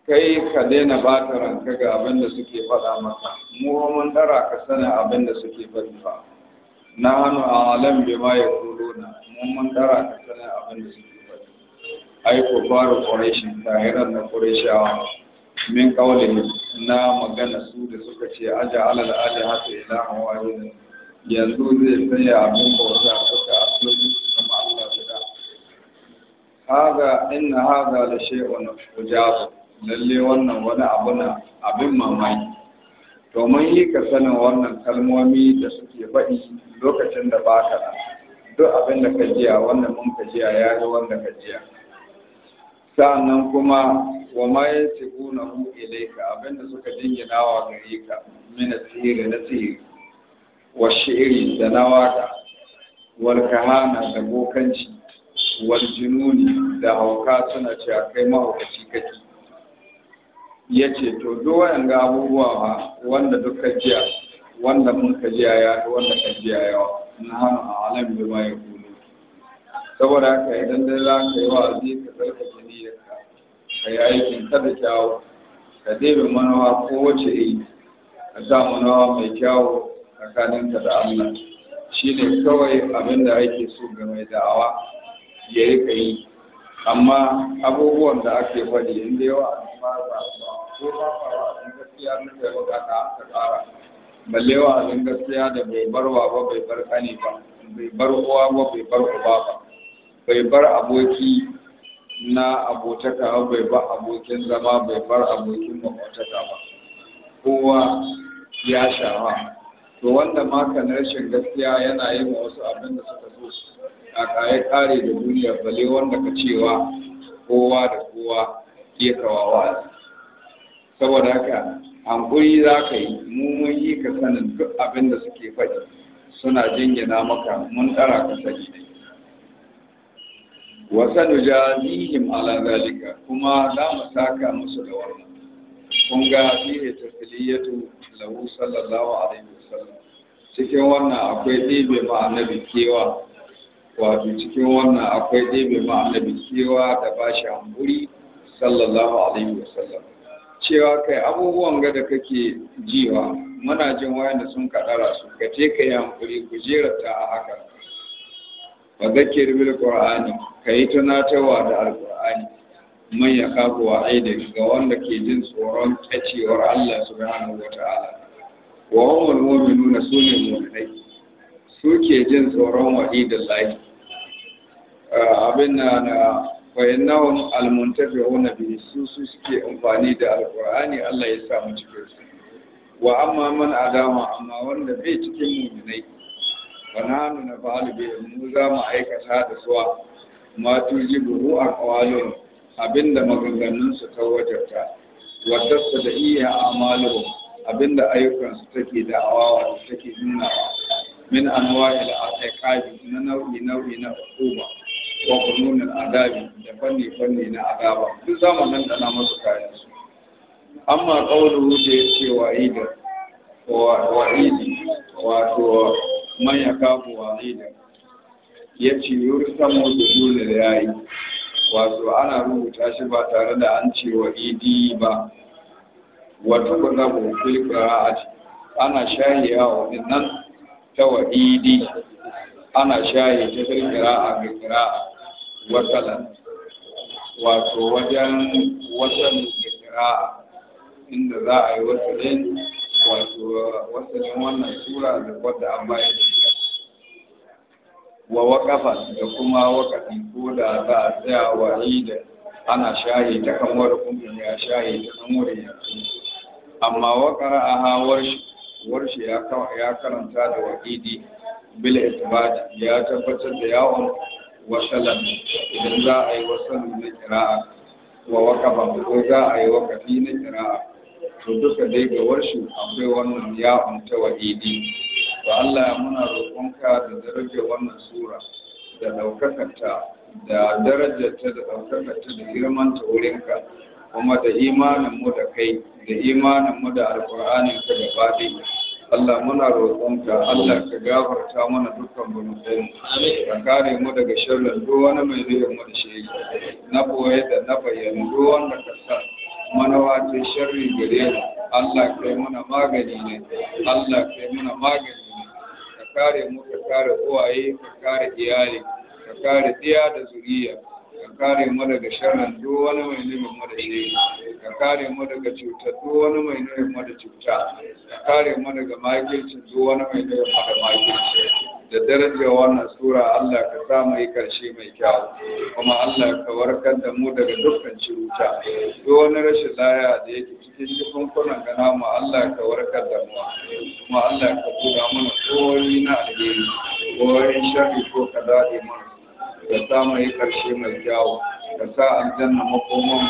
kai ka daina ba ta ranka ga abin da suke faɗa maka mu mun dara ka sanin abin da suke faɗi ba na hannu a alam bi ma ya kuluna mu mun dara ka sanin abin da suke faɗi ai ko fara ƙwarai shi tahiran na ƙwarai min kaulin na magana su da suka ce aja alal aja hata ilahan wahid yanzu zai tsaya abin bauta suka asali kuma Allah guda haga inna haga la shay'un ujab lalle wannan wani abu na abin mamaki to mun yi ka sanin wannan kalmomi da suke faɗi lokacin da ba ka da, duk abin da ka jiya wannan mun ka jiya ya yi wanda ka jiya sa'annan kuma wa ma mu ilaika abinda suka dingina wa gare ka mina asiri na sihiri wa shi'iri da nawaka wal kahana da bokanci wal jinuni da hauka suna a kai mahaukaci kake ce to duk ga abubuwa ba wanda duk ka jiya wanda mun ka jiya ya wanda ka jiya yawa na hana alam bi ma yakunu saboda haka idan dai za ka yi wa'azi ka tsarkake niyyar ka yi aikin kada kyawu ka ɗebe manawa wace iri ka sa manawa mai kyawu tsakaninka da Allah shi ne kawai abin da ake so ga mai da'awa ya yi ka yi amma abubuwan da ake faɗi inda yawa a ba ba ko ba ba ba a gaskiya na kai ta ta tsara balle wa abin gaskiya da bai bar wa ba bai bar kani ba bai bar uwa ba bai bar uba ba bai bar aboki na abotaka bai ba abokin zama bai bar abokin mabotaka ba kowa ya shawa. to wanda maka na rashin gaskiya yana yi wa wasu abin da suka so a kare kare da duniya bale wanda ka cewa kowa da kowa ke kawawa saboda haka hankuri za ka yi mun yi ka sanin duk abin da suke faɗi suna jingina maka mun ɗara ka sani wa sanujazihim ala zalika kuma za mu saka musu da wannan kun ga fihi tafiliyatu lahu sallallahu alaihi wasallam cikin wannan akwai ɗebe ma annabi kewa wato cikin wannan akwai ɗebe ma annabi kewa da ba shi hamburi sallallahu alaihi wasallam cewa kai abubuwan ga da kake jiwa muna jin wayanda sun kaɗara su gace ka yi hankuri ku a haka fa zakir bil qur'ani kai tunatarwa da alqur'ani man ya kafu wa aidi ga wanda ke jin tsoron tacewar Allah subhanahu ta'ala wa al-mu'minu nasuni mu'minai suke jin tsoron da zaki. abin na na fayyannawun almuntafi wani biyu su su suke amfani da alqur'ani Allah ya sa mu cikin su wa amma man adama amma wanda bai cikin muminai fananu na fa'alu bi mu za mu aikata da suwa ma buhu a aqwalun abinda maganganun su ta wajarta wadda su da iya amalu abinda ayyukan su take da awawa da take nuna min anwa'il aqabi na nau'i nau'i na hukuma wa qanunul adabi da fanni fanni na adaba duk zamanin da na masu kai su amma qawluhu da yake wa'ida wa'idi wato man ya kafu wahida ya ce samu da dole da yayi wato ana rubuta shi ba tare da an ce wa idi e ba wata ba za ku kuli ce ana ya wani nan ta wa idi e ana shayi ta fil a ga a wasalan wato wajen wasan da a inda za a yi wasalin wato wasalin wannan sura da wadda an bayar wa waƙafa da kuma waƙafi ko da za a tsaya wa da ana shaye ta kamar kuma ya shaye ta kamar wani ya amma waƙara a hawar warshe ya karanta da waƙidi bil isbat ya tabbatar da yawon wasalan idan za a yi wasalan na kira'a wa waƙafa ko za a yi waƙafi na kira'a to duka dai ga warshe akwai wannan yawon ta waƙidi to Allah muna roƙonka da darajar wannan sura da ɗaukakarta da ta, da ɗaukakarta da ta wurinka kuma da imanin mu da kai da imanin mu da alƙur'anin ka da faɗi. Allah muna roƙonka Allah ka gafarta mana dukkan gunubai ka kare mu daga sharrin duk wani mai zai mu da shi na boye da na bayyana duk wanda ka sa manawa ce sharri gare mu Allah kai muna magani ne Allah kai muna magani kare mu ka kare uwaye ka kare iyali ka kare diya da zuriya ka kare mu daga sharrin duk wani mai nufin mu da shi ka kare mu daga cuta duk wani mai nufin mu da cuta ka kare mu daga makircin duk wani mai nufin mu da makirci da darajar wannan sura Allah ka sa mu yi karshe mai kyau kuma Allah ka warkar da mu daga dukkan ciruta duk wani rashin laya da yake cikin cikin kunan gana mu Allah ka warkar da mu kuma Allah ka buɗa mana tsohoni na alheri tsohon shafi ko ka daɗe mana ka sa mu yi karshe mai kyau ka sa aljanna makoman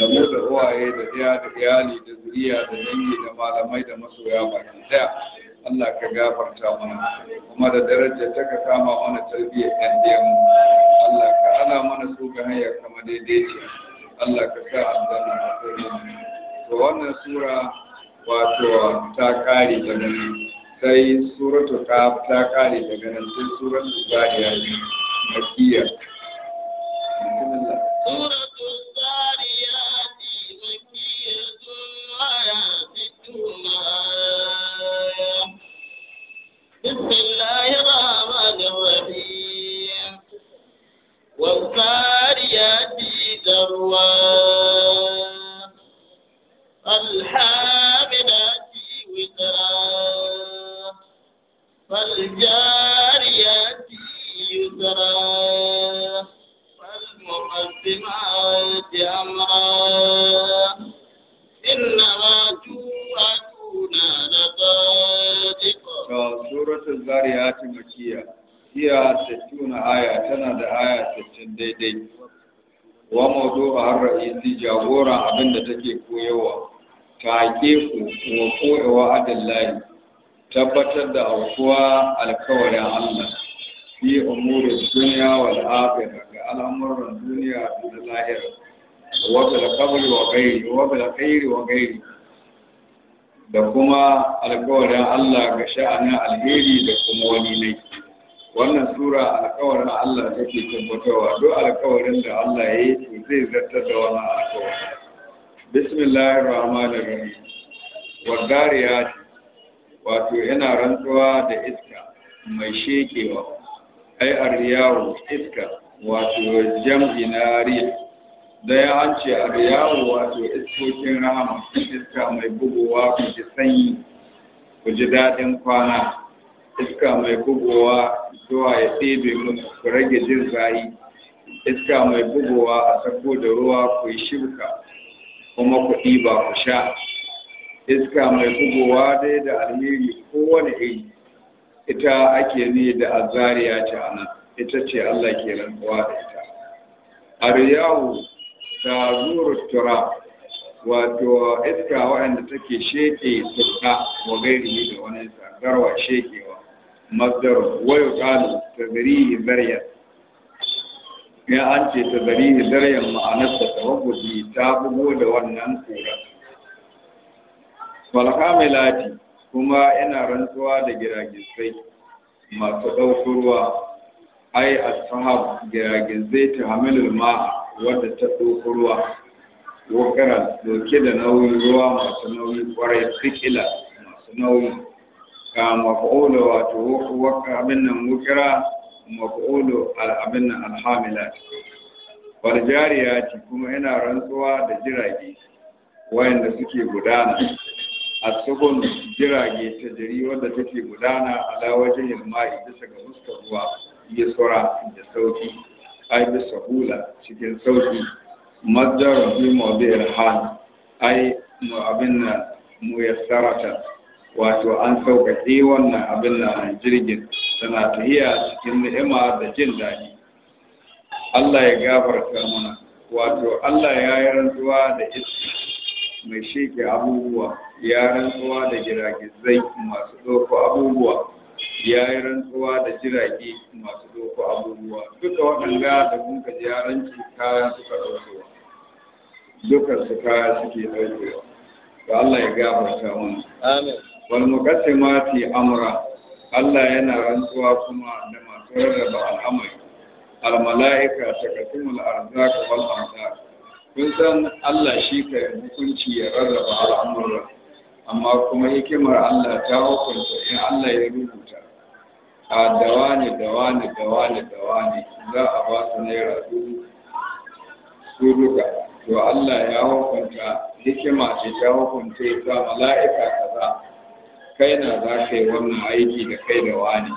da mu da uwaye da ɗaya da iyali da zuriya da dangi da malamai da masoya baki daya Allah ka gafarta mana kuma da daraja ta ka kama mana tarbiyyar ɗan mu. Allah ka ana mana su ga hanya kama daidai ce Allah ka sa zama a tsare to wannan sura wato ta kare daga nan sai suratu ta ta kare daga nan sai suratu zariya ne makiyya Bismillah. بسم الله الرحمن الرحيم والذاريات ذروا فالحاملات وزرا فالجاريات يسرا فالمقدمات أمرا suratul zariyat makiya hiya 60 aya tana da aya 60 daidai wa mawdu'a ar-ra'isi jagora abinda take koyawa take ku wa koyawa adallahi tabbatar da aukuwa alkawarin Allah fi umurin duniya wal akhirah ga al'amuran duniya da lahira wa bil qabri wa ghairi wa bil khairi wa ghairi da kuma alkawarin Allah ga sha'anin alheri da kuma wani ne wannan sura alkawarin Allah ke tabbatarwa duk alkawarin da Allah ya yi to zai zartar da wannan alkawari bismillahir rahmanir rahim wadariyat wato yana rantsuwa da iska mai shekewa ai arriyahu iska wato jam'i na riya da ya hanci a yawo wato iskokin rahama iska mai bugowa ku ji sanyi ku ji daɗin kwana iska mai bugowa zuwa ya ɗebe mu ku rage jin zayi iska mai bugowa a sako da ruwa ku yi shirka kuma ku ɗiba ku sha iska mai bugowa dai da alheri kowane iri ita ake ne da azariya ce a nan ita ce Allah ke rantsuwa da ita. Ariyahu ta zuru tura wato iska waɗanda take sheke turka wa gairi da wani garwa shekewa masdar wayo kalu tazrihi zarya ya an ce tazrihi zaryan ma'anarsa tawabbudi ta bugo da wannan kura falhamilati kuma ina rantsuwa da giragisai masu ɗauko ruwa ai ashab giragisai ta hamilul ma'a wadda ta ɗauko ruwa wakara ɗauke da nauyin ruwa masu nauyi kwarai sikila masu nauyi ka mafa'ulo wato wakar abin nan wukira mafa'ulo abin nan alhamila jariya ce kuma yana rantsuwa da jirage wayanda suke gudana a tsogon jirage ta jiri wadda take gudana a wajen yamma bisa ga fuskar ruwa ya tsora da sauki ai bi sahula cikin sauki madara fi bi hal ai mu abin nan yassarata wato an sauƙaƙe wannan abin an jirgin tana tahiya cikin ni'ima da jin daɗi Allah ya gafarta mana wato Allah ya yi rantsuwa da iska mai sheke abubuwa ya rantsuwa da giragizai masu ɗauko abubuwa ya yi rantsuwa da jirage masu doko abubuwa duka waɗanda da kun ka ji yaranci kayan suka ɗaukewa duka su kaya suke ɗaukewa Ba Allah ya gafarta mana amin wal muqaddimati amra Allah yana rantsuwa kuma da masu rarraba al'amari al mala'ika taqasimul arzaq wal amdar kun san Allah shi ka hukunci ya rarraba al'amuran amma kuma hikimar Allah ta hukunta in Allah ya rubuta a dawa ne dawa ne za a ba su naira dubu su duka to Allah ya hukunta hikima ce ta hukunta ta mala'ika kaza kai na za ka yi wannan aiki da kai da wani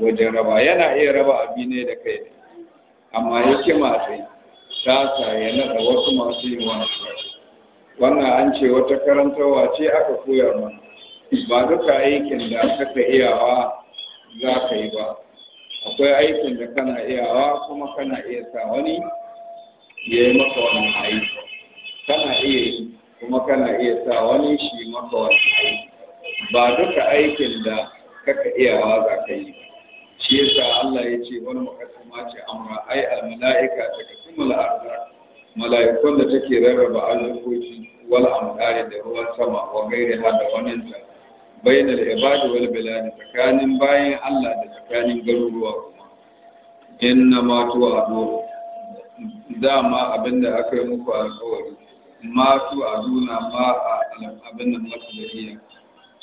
wajen raba yana iya raba abi ne da kai ne amma hikima ce ta sa ya nada wasu masu yin wani wannan an ce wata karantarwa ce aka koya mana ba duka aikin da aka iyawa za ka yi ba akwai aikin da kana iyawa kuma kana iya sa wani ya yi maka wani aiki kana iya yi kuma kana iya sa wani shi maka wani aiki ba duka aikin da kaka iyawa za ka yi shi ya sa Allah ya ce wani makasar mace amma ai almala'ika ta kasimul arzak mala'ikun da take rarraba arzikoki wal amdari da ruwan sama wa gairi hada wannan ta bayan al’ibadu wal bilani tsakanin bayan Allah da tsakanin garuruwa kuma. matu a tu'adu dama abinda aka yi muku a alƙawari a tu'aduna ma abinda masu da iya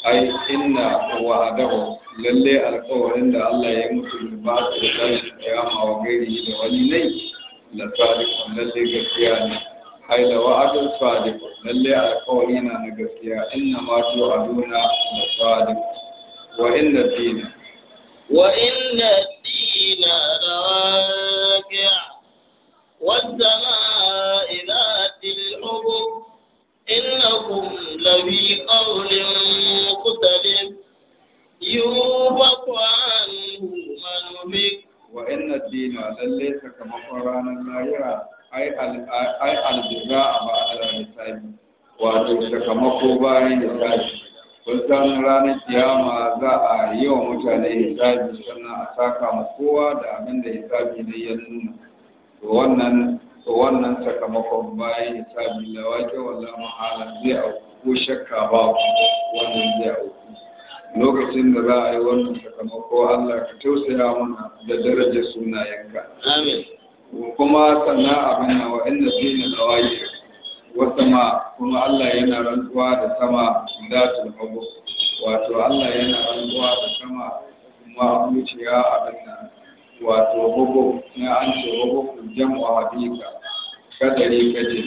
ai wa wa'adahu lalle alƙawarin da Allah ya mutu ba su da kiyama wa gari da wani nai la sadiqun lalle gaskiya ne حيث وعد الصادق للي على قولنا نقصيا إنما توعدون الصادق وإن الدين وإن الدين راجع والسماء ذات الحب إنكم لفي قول مختلف يوفق عنه من بك وإن الدين لليس كما قرانا لا يرى ai aljiza a ba'adar misali wato sakamako bayan misali kusan ranar kiyama za a yi wa mutane hisabi sannan a saka ma kowa da abin da hisabi ne ya nuna to wannan to wannan sakamakon bayan hisabi lawake wala ma'ala zai auku ko shakka ba wannan zai auku lokacin da za a yi wannan sakamako Allah ka tausaya mana da darajar sunayenka amin kuma sannan abin na wa'inda su ne tsawaye wata ma kuma Allah yana rantuwa da sama da ta hagu wato Allah yana rantuwa da sama kuma zuciya abin nan wato hugu na an ce hugu jam'a hadika kadari kaje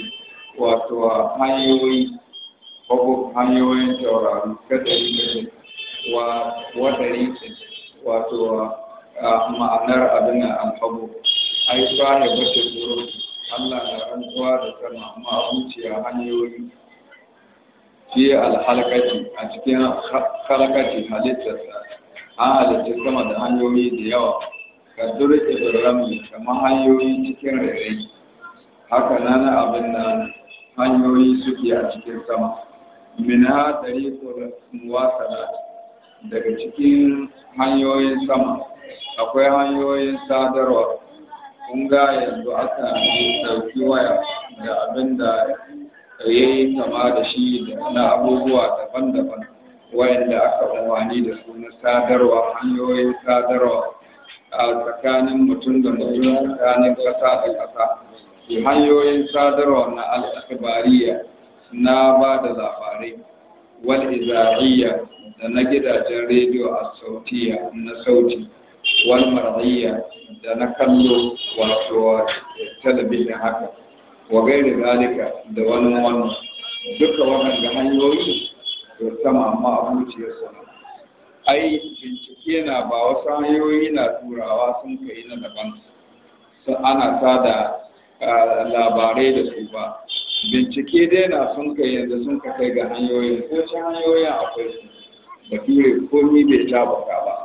wato hanyoyi hugu hanyoyin taurari kadari kaje wa wadari wato ma'anar abin an alhabu ai sahibatul tsoro Allah na rantsuwa da sama amma zuciya hanyoyi fi alhalqati a cikin halakati halittarsa an halittar sama da hanyoyi da yawa ka durke durrami kamar hanyoyi cikin rairai haka nan abin nan hanyoyi suke a cikin sama minha tariqul muwasalat daga cikin hanyoyin sama akwai hanyoyin sadarwa kun ga yanzu aka ɗauki waya da abin da ya yi kama da shi da na abubuwa daban-daban wayanda aka umarni da su na sadarwa hanyoyin sadarwa a tsakanin mutum da mutum tsakanin ƙasa da ƙasa hanyoyin sadarwa na al'akabariya na ba da labarai wal izariya da na gidajen rediyo a sautiya na sauti Wani marayya da na kallo wato talabijin haka wa gairi zalika da wani wannan duka wannan da hanyoyi to sama amma a zuciyar sana ai bincike na ba wasu hanyoyi na turawa sun kai na daban sun ana sada labarai da su ba bincike dai na sun kai yanzu sun kai ga hanyoyin ko ci hanyoyin akwai su fiye komi bai baka ba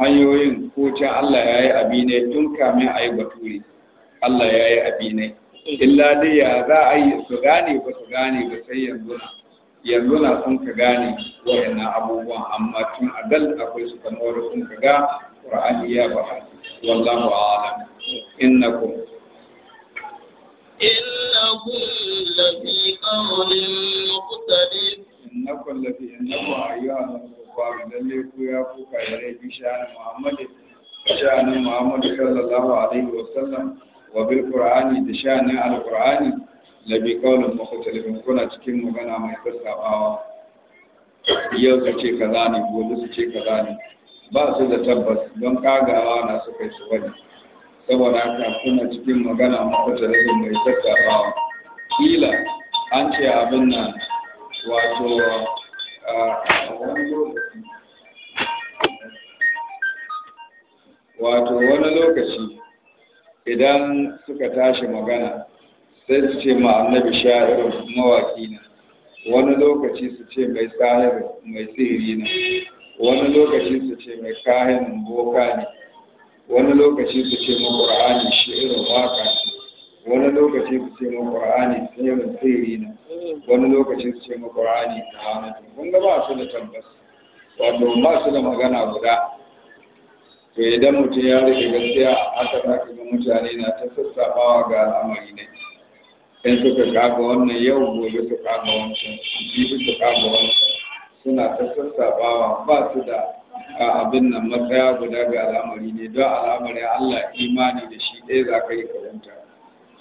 hanyoyin ko can Allah ya yi abi ne tun kamin a yi bature Allah ya yi abi ne illa dai ya za a yi su gane ba su gane ba sai yanzu na yanzu na sun ka gane wayannan abubuwan amma tun a dal akwai su kamar sun ka ga qur'ani ya ba wallahu a'lam innakum innakum lafi qawlin muqtadir innakum lafi innakum ayyuha kufaru lalle ku ya ku kafirai bi sha'anin Muhammadu sha'anin Muhammadu sallallahu alaihi wa sallam wa bil Qur'ani da sha'anin al-Qur'ani la bi qawlin mukhtalifin kuna cikin magana mai sassabawa yau ka ce kaza ne gobe su ce kaza ne ba su da tabbas don kagawa na suka yi su wani saboda haka kuna cikin magana mukhtalifin mai sassabawa kila an ce abin nan wato wato wani lokaci idan suka tashi magana sai su ce ma annabi sha'irin mawaƙi na wani lokaci su ce mai sahir mai sihiri na wani lokaci su ce mai kahin boka ne wani lokaci su ce ma ƙur'ani shi'irin waka ne wani lokaci su ce ma ƙur'ani sihirin sihiri na wani lokacin su ce makurani ta wani kun ga ba su da tabbas wato ba su da magana guda to idan mutum ya rike gaskiya aka kaki da mutane na ta sassaɓawa ga al'amari ne in suka kaga wannan yau gobe su kaga wancan jibi su kaga wancan suna ta sassaɓawa ba su da abin nan matsaya guda ga al'amari ne don al'amari Allah imani da shi ɗaya za ka yi karanta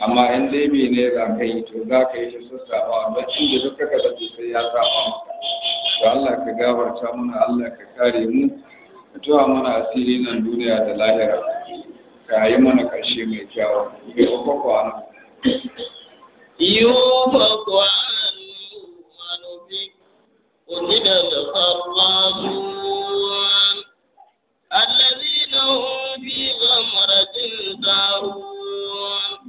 amma in laifi ne za ka yi to za ka yi shi sassafa amma da duk ka da sai ya saba maka to Allah ka gabarta mana Allah ka kare mu ka tuwa mana asiri nan duniya da lahira ka yi mana ƙarshe mai kyawu mai kwakwa an يوفق عنه ونفق وجد الخراجون الذين هم في غمرة ساهون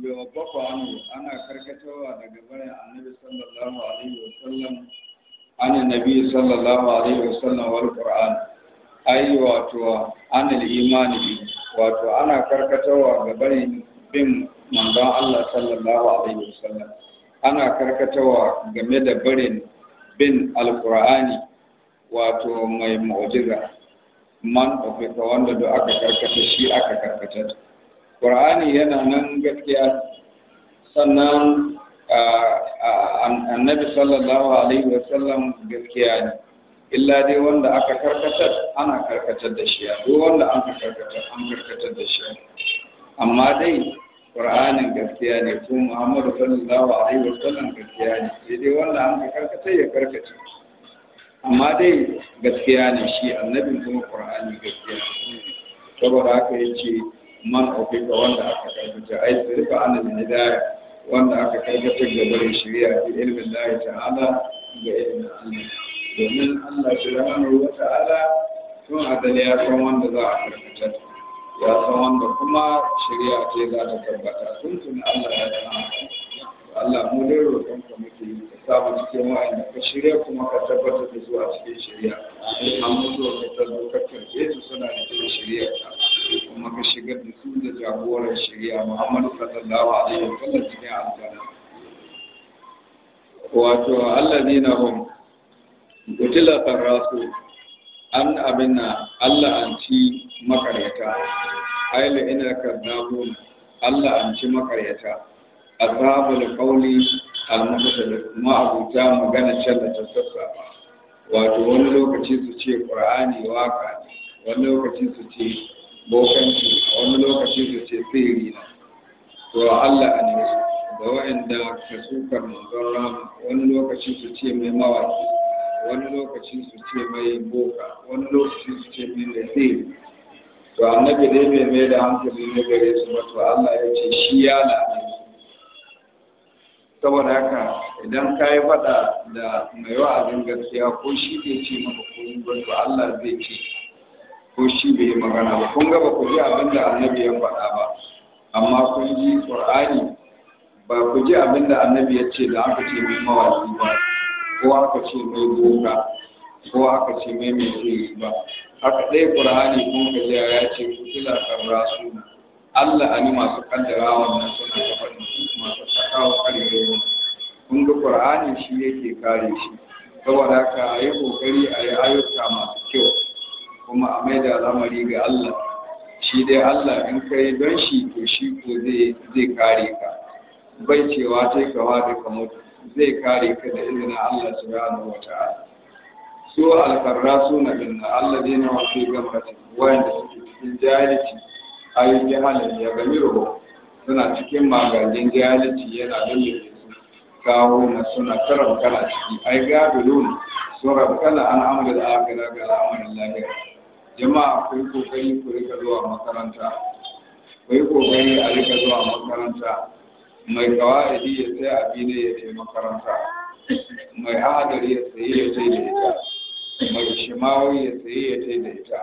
yawa bakwa anu ana karkatarwa daga barin annabi sallallahu alaihi wa sallam an nabi sallallahu alaihi wa sallam wal qur'an ai wato an imani bi wato ana karkatarwa ga barin bin manzon Allah sallallahu alaihi wa sallam ana karkatarwa game da barin bin alqur'ani wato mai mu'jiza man ofika wanda da aka karkata shi aka karkata Qur'ani yana nan gaskiya sannan annabi sallallahu alaihi sallam gaskiya ne illa dai wanda aka karkatar ana karkatar da shi duk wanda an karkatar an karkatar da shi amma dai ƙur'anin gaskiya ne ko muhammadu sallallahu alaihi sallam gaskiya ne sai dai wanda an karkatar ya karkace amma dai gaskiya ne shi annabi kuma ƙur'ani gaskiya ne saboda haka yace man ofika wanda aka karkata ai sirfa anil hidaya wanda aka karkata ga barin shirya shari'a ilimin ilmin lahi ta'ala ga ilimin Allah domin Allah subhanahu wa ta'ala tun adali ya san wanda za a karkata ya san wanda kuma shirya ce za ta tabbata tun tun Allah ya san Allah mu dai roƙon ka muke yi ka sa mu cikin wa'anda ka shirya kuma ka tabbatar da zuwa cikin shirya. amma zuwa ka tabbatar da su suna da cikin shari'a kuma ka shigar da su da jagoran shari'a Muhammadu sallallahu alaihi wa sallam cikin aljanna wato allazina hum qutila tarasu an abin na. Allah an ci makaryata ayla ina kadabun Allah an ci makaryata azabul qawli al-muhtadith ma'abuta magana challa ta sassa wato wani lokaci su ce qur'ani waka ne wani lokaci su ce bokanci a wani lokaci su ce sihiri na to Allah a nemi da waɗanda ka sukar manzon rama wani lokaci su ce mai mawaki wani lokaci su ce mai boka wani lokaci su ce mai mai sihiri to annabi dai bai mai da hankali na gare su ba to Allah ya ce shi ya la'ani saboda haka idan ka yi faɗa da mai wa'azin gaskiya ko shi ke ce maka ko to Allah zai ce ko shi bai yi magana ba kun gaba ku ji abin da annabi ya faɗa ba amma kun ji qur'ani ba ku ji abin da annabi ya ce da aka ce mai mawaki ba ko aka ce mai boka ko aka ce mai mai sirri ba haka ɗaya qur'ani kun ka ji ya ce ku kila kan rasu Allah ani masu kaddara wannan suna da faɗin masu sakawa karewa kun ga qur'ani shi yake kare shi saboda haka a yi kokari a yi ayyuka masu kyau kuma a mai da lamari ga Allah shi dai Allah in kai don shi to shi ko zai kare ka bai cewa sai ka wada ka mutu zai kare ka da izinin Allah subhanahu wa ta'ala su alkarra suna dinna Allah dai na wasu gabata wanda suke cikin jahilci ayin jahalin ya gami rubo suna cikin magajin jahilci yana lullube kawo na suna karam ciki ai gabilu sun kala an amgal akira ga al'amarin lahira jama'a ku yi kokari ku rika zuwa makaranta ku yi kokari a rika zuwa makaranta mai kawa'idi ya sai ne ya sai makaranta mai hadari ya sa'i ya sai da ita mai shimawi ya sa'i ya sai da ita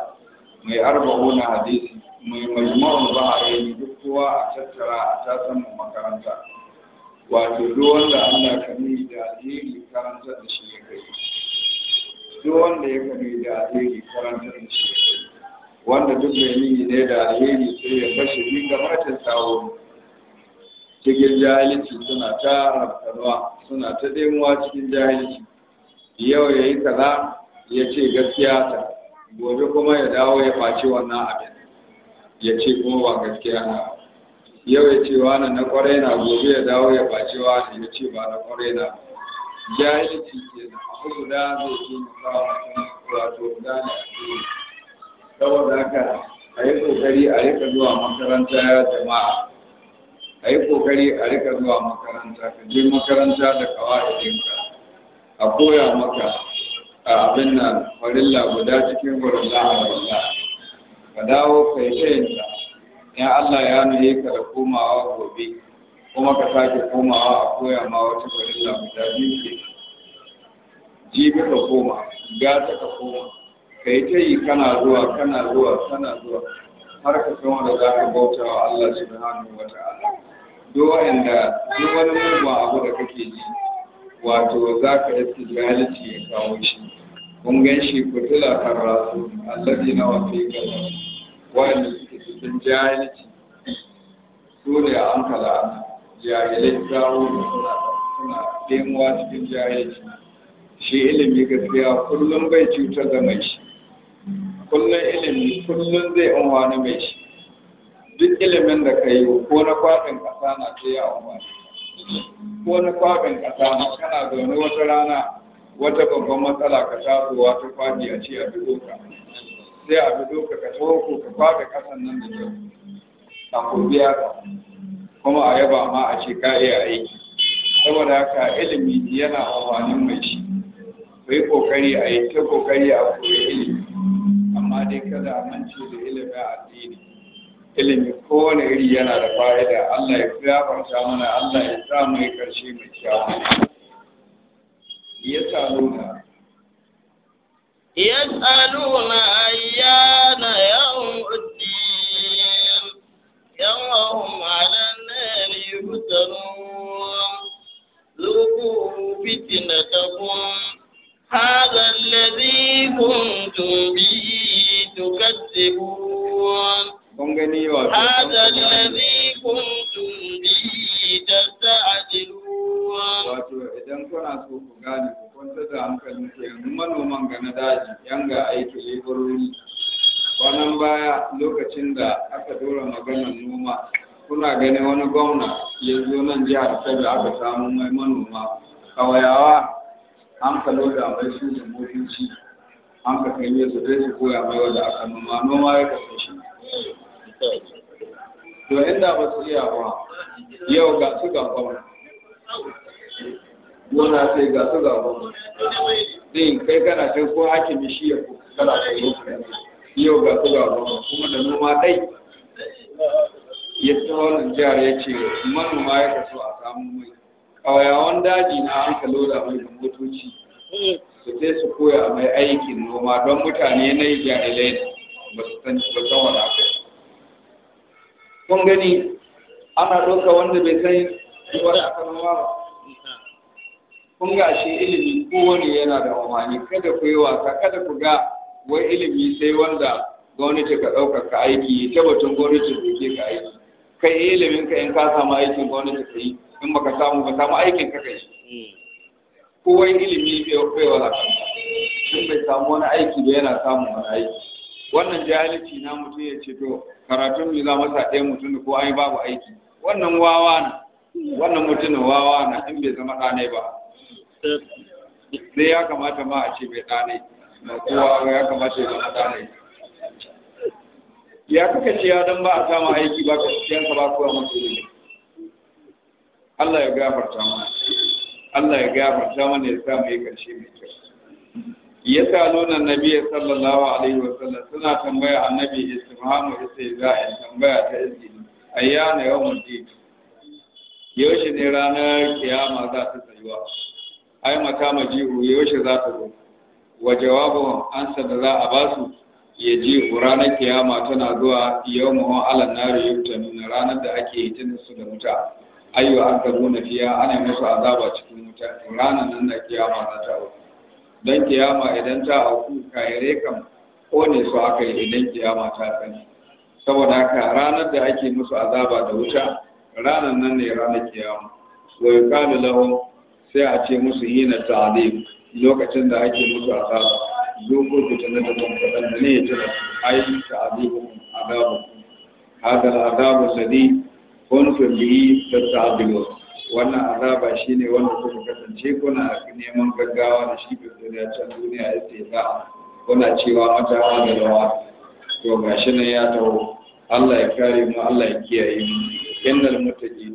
mai arba'u na hadisi mai a bahari duk kowa a tattara a tasan makaranta wato duk wanda Allah ka da alheri karanta da shi ya kai duk wanda ya kame da alheri karantar da shi wanda duk mai yi ne da alheri sai ya bashi bi ga matan tsawo. cikin jahilci suna ta rafkarwa suna ta ɗemuwa cikin jahilci yau ya yi kaza ya ce gaskiya ta gobe kuma ya dawo ya faci wannan abin ya ce kuma ba gaskiya na yau ya ce wani na kwarai na gobe ya dawo ya faci wani ya ce ba na kwarai na ba jahilci ke nan abu guda zai taimaka wa mutum wato gane addini saboda haka a yi kokari a rika zuwa makaranta ya jama'a a yi kokari a rika zuwa makaranta ka je makaranta da kawa'idinka a koya maka a abin nan farilla guda cikin farilla a ka dawo ka yi shayinta in Allah ya nuhe ka da komawa gobe kuma ka sake komawa a koya ma wata farilla guda biyu ke ji ka koma gata ka koma ka yi ta yi kana zuwa kana zuwa kana zuwa har ka san wanda za ka bauta wa Allah subhanahu wa ta'ala duk inda duk wani mugun abu da kake ji wato za ka yi tijalici ya kawo shi kun gan shi kutula karrasu allazi na wafi gaba wanda suke cikin jahilci su ne an kala'ana jahilai jawo suna suna lemuwa cikin jahilci shi ilimi gaskiya kullum bai cutar da mai shi kullum ilimi kullum zai amfani mai shi duk ilimin da ka yi ko na kwaɗin ƙasa na sai ya amfani ko na kwaɗin ƙasa na kana zaune wata rana wata babban matsala ka tasowa ta kwaɗi a ce a bi doka sai a bi doka ka taho ko ka kwaɗa ƙasan nan da kyau a kurbiya ka kuma a yaba ma a ce ka iya aiki saboda haka ilimi yana amfanin mai shi ku yi kokari a yi ta kokari a koyi ilimi amma dai kada a mance da ilimin addini ilimi kowane iri yana da fa'ida Allah ya fiyafarta mana Allah ya sa mai karshe mai kyawu ya nuna يسألون أيان يوم الدين يوم على يفتنون ذوقوا فتنتكم هذا wato idan kuna so ku gane ku kwanta da hankalin ku manoman ga na daji yan ga aiki leburori kwanan baya lokacin da aka dora maganar noma kuna ganin wani gwamna ya zo jihar Kebbi aka samu mai ma kawayawa an ka loda mai su da an ka kai su dai su koya mai wanda aka noma noma ya kasu shi to inda ba su iya ba yau ga su ga gona sai ga su ga din kai kana kai ko ya kana kuma da noma dai ya ci wannan jihar ya ce manoma ya kaso a samu mai ƙauyawan daji na an ka loda mai da motoci su sai su koya mai aikin noma don mutane na yi jahilai ba su san wani abu kun gani ana ɗauka wanda bai san wani aka noma ba kun gashi shi ilimi kowane yana da amfani kada ku yi wasa kada ku ga wai ilimi sai wanda gwamnati ka ka aiki ta batun gwamnati ke ka aiki kai ilimin ka in ka samu aikin gwamnati ka yi in baka samu ba samu aikin ka kai kowa ilimi bai wala kanta in bai samu wani aiki ba yana samun wani aiki wannan jahilci na mutum ya ce to karatun mi za masa ɗaya mutum da ko ai babu aiki wannan wawa na wannan mutumin wawa na in bai zama ɗanai ba sai ya kamata ma a ce bai ɗanai kowa ya kamata ya zama ɗanai ya kuka ce ya dan ba a kama aiki ba ka cikin ka ba ku a ilimi Allah ya gafarta mana Allah ya gafarta mana ya samu mu yi karshe mai kyau ya sa nuna nabi sallallahu alaihi wa sallam suna tambaya annabi istifhamu istiza'in tambaya ta izini ayyana yawmul din yaushe ne ranar kiyama za ta tsayuwa ai makama jihu yaushe za ta zo wa jawabin ansa da za a basu ya ji ranar kiyama tana zuwa yau mahon alan nari yau ranar da ake hitin su da wuta ayyu an gabu na fiya ana musu azaba cikin wuta ranar nan da kiyama na ta auku dan kiyama idan ta auku kayare rekam, ko ne su aka yi idan kiyama ta sani saboda haka ranar da ake musu azaba da wuta ranar nan ne ranar kiyama wa yuqalu lahum sai a ce musu hina ta'dib lokacin da ake musu azaba da ذوقوا فتنتكم فقد بليت أي تعذيبكم عذابكم هذا العذاب الذي كنتم ta تستعجلون wannan azaba shine wanda kuka kasance kuna neman gaggawa da shi ga duniya can duniya ya ce ba kuna cewa mata da rawa to shi nan ya taho Allah ya kare mu Allah ya kiyaye mu innal muttaqin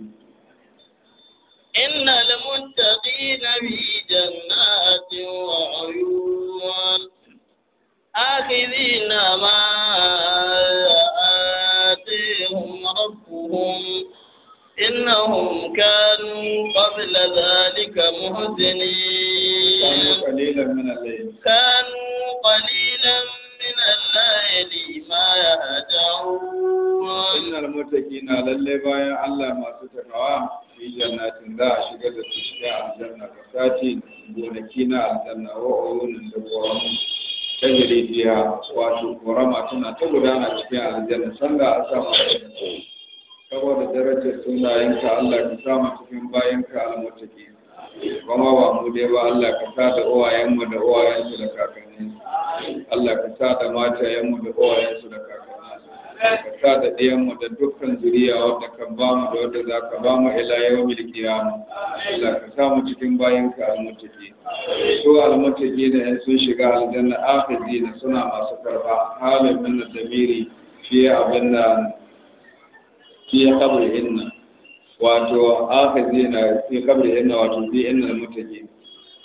إن المتقين في جنات وعيون آخذين ما آتيهم ربهم إنهم كانوا قبل ذلك مهزنين كانوا قليلا من الليل كانوا قليلا Inna al na lalle bayan Allah masu takawa fi jannatin za a shiga da su shiga aljanna ka sace gonaki na aljanna wa ayyunan da gwaron ta jirijiya wato ƙorama tana ta gudana cikin aljanna san da an samu aljanna ko darajar sunayen ka Allah ka samu cikin bayan ka al kuma ba mu dai ba Allah ka sa da uwayen da uwayen da kakanninsu Allah ka sa da mata mu da su da kakanninsu ka sa da mu da dukkan zuriya wadda kan ba mu da wadda za ka ba mu ila yau mu, Allah ka sa mu cikin bayan ka almutaki su almutaki da yan sun shiga aljanna akhiri da suna masu karba halin min damiri fiye abin da fiye kabarin inna wato akhiri na fiye kabarin inna wato fiye inna almutaki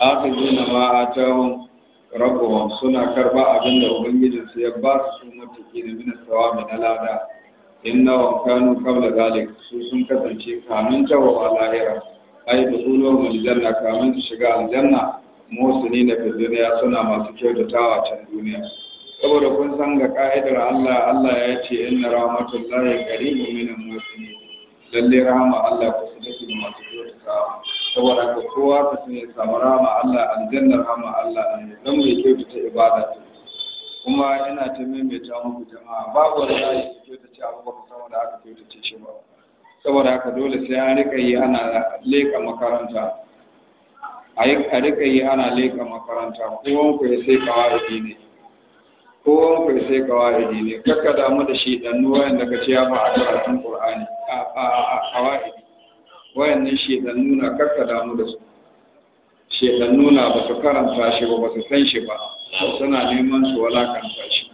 akhiri na ma atahum rabuwa suna karba abin da su ya ba su sun mutuki da mina sawabi na lada inna wa kanu kabla zalik su sun kasance kamin tawawa lahira ai buzulu mu janna kamin su shiga aljanna ne na duniya suna masu kyautatawa can duniya saboda kun san ga ka'idar Allah Allah ya ce inna rahmatullahi qaribun minal muslimin lalle rahama Allah ku su masu kyautatawa saboda ga kowa ka sanya samara ma Allah aljannar rama Allah ne don mai kyautata ibada ta kuma yana ta maimaita muku jama'a babu wani rayu su kyautace abubakar sama da aka ce shi ba saboda haka dole sai an rika yi ana leƙa makaranta a rika yi ana leƙa makaranta kowan ku ya sai kawai ne kowan ku ya sai kawai ne kakka damu da shi dan nuwa yadda ka ce ya ba a karatun qur'ani a kawai wayannan shedan nuna karka damu da su shedan nuna ba su karanta shi ba ba su san shi ba suna neman su walakanta shi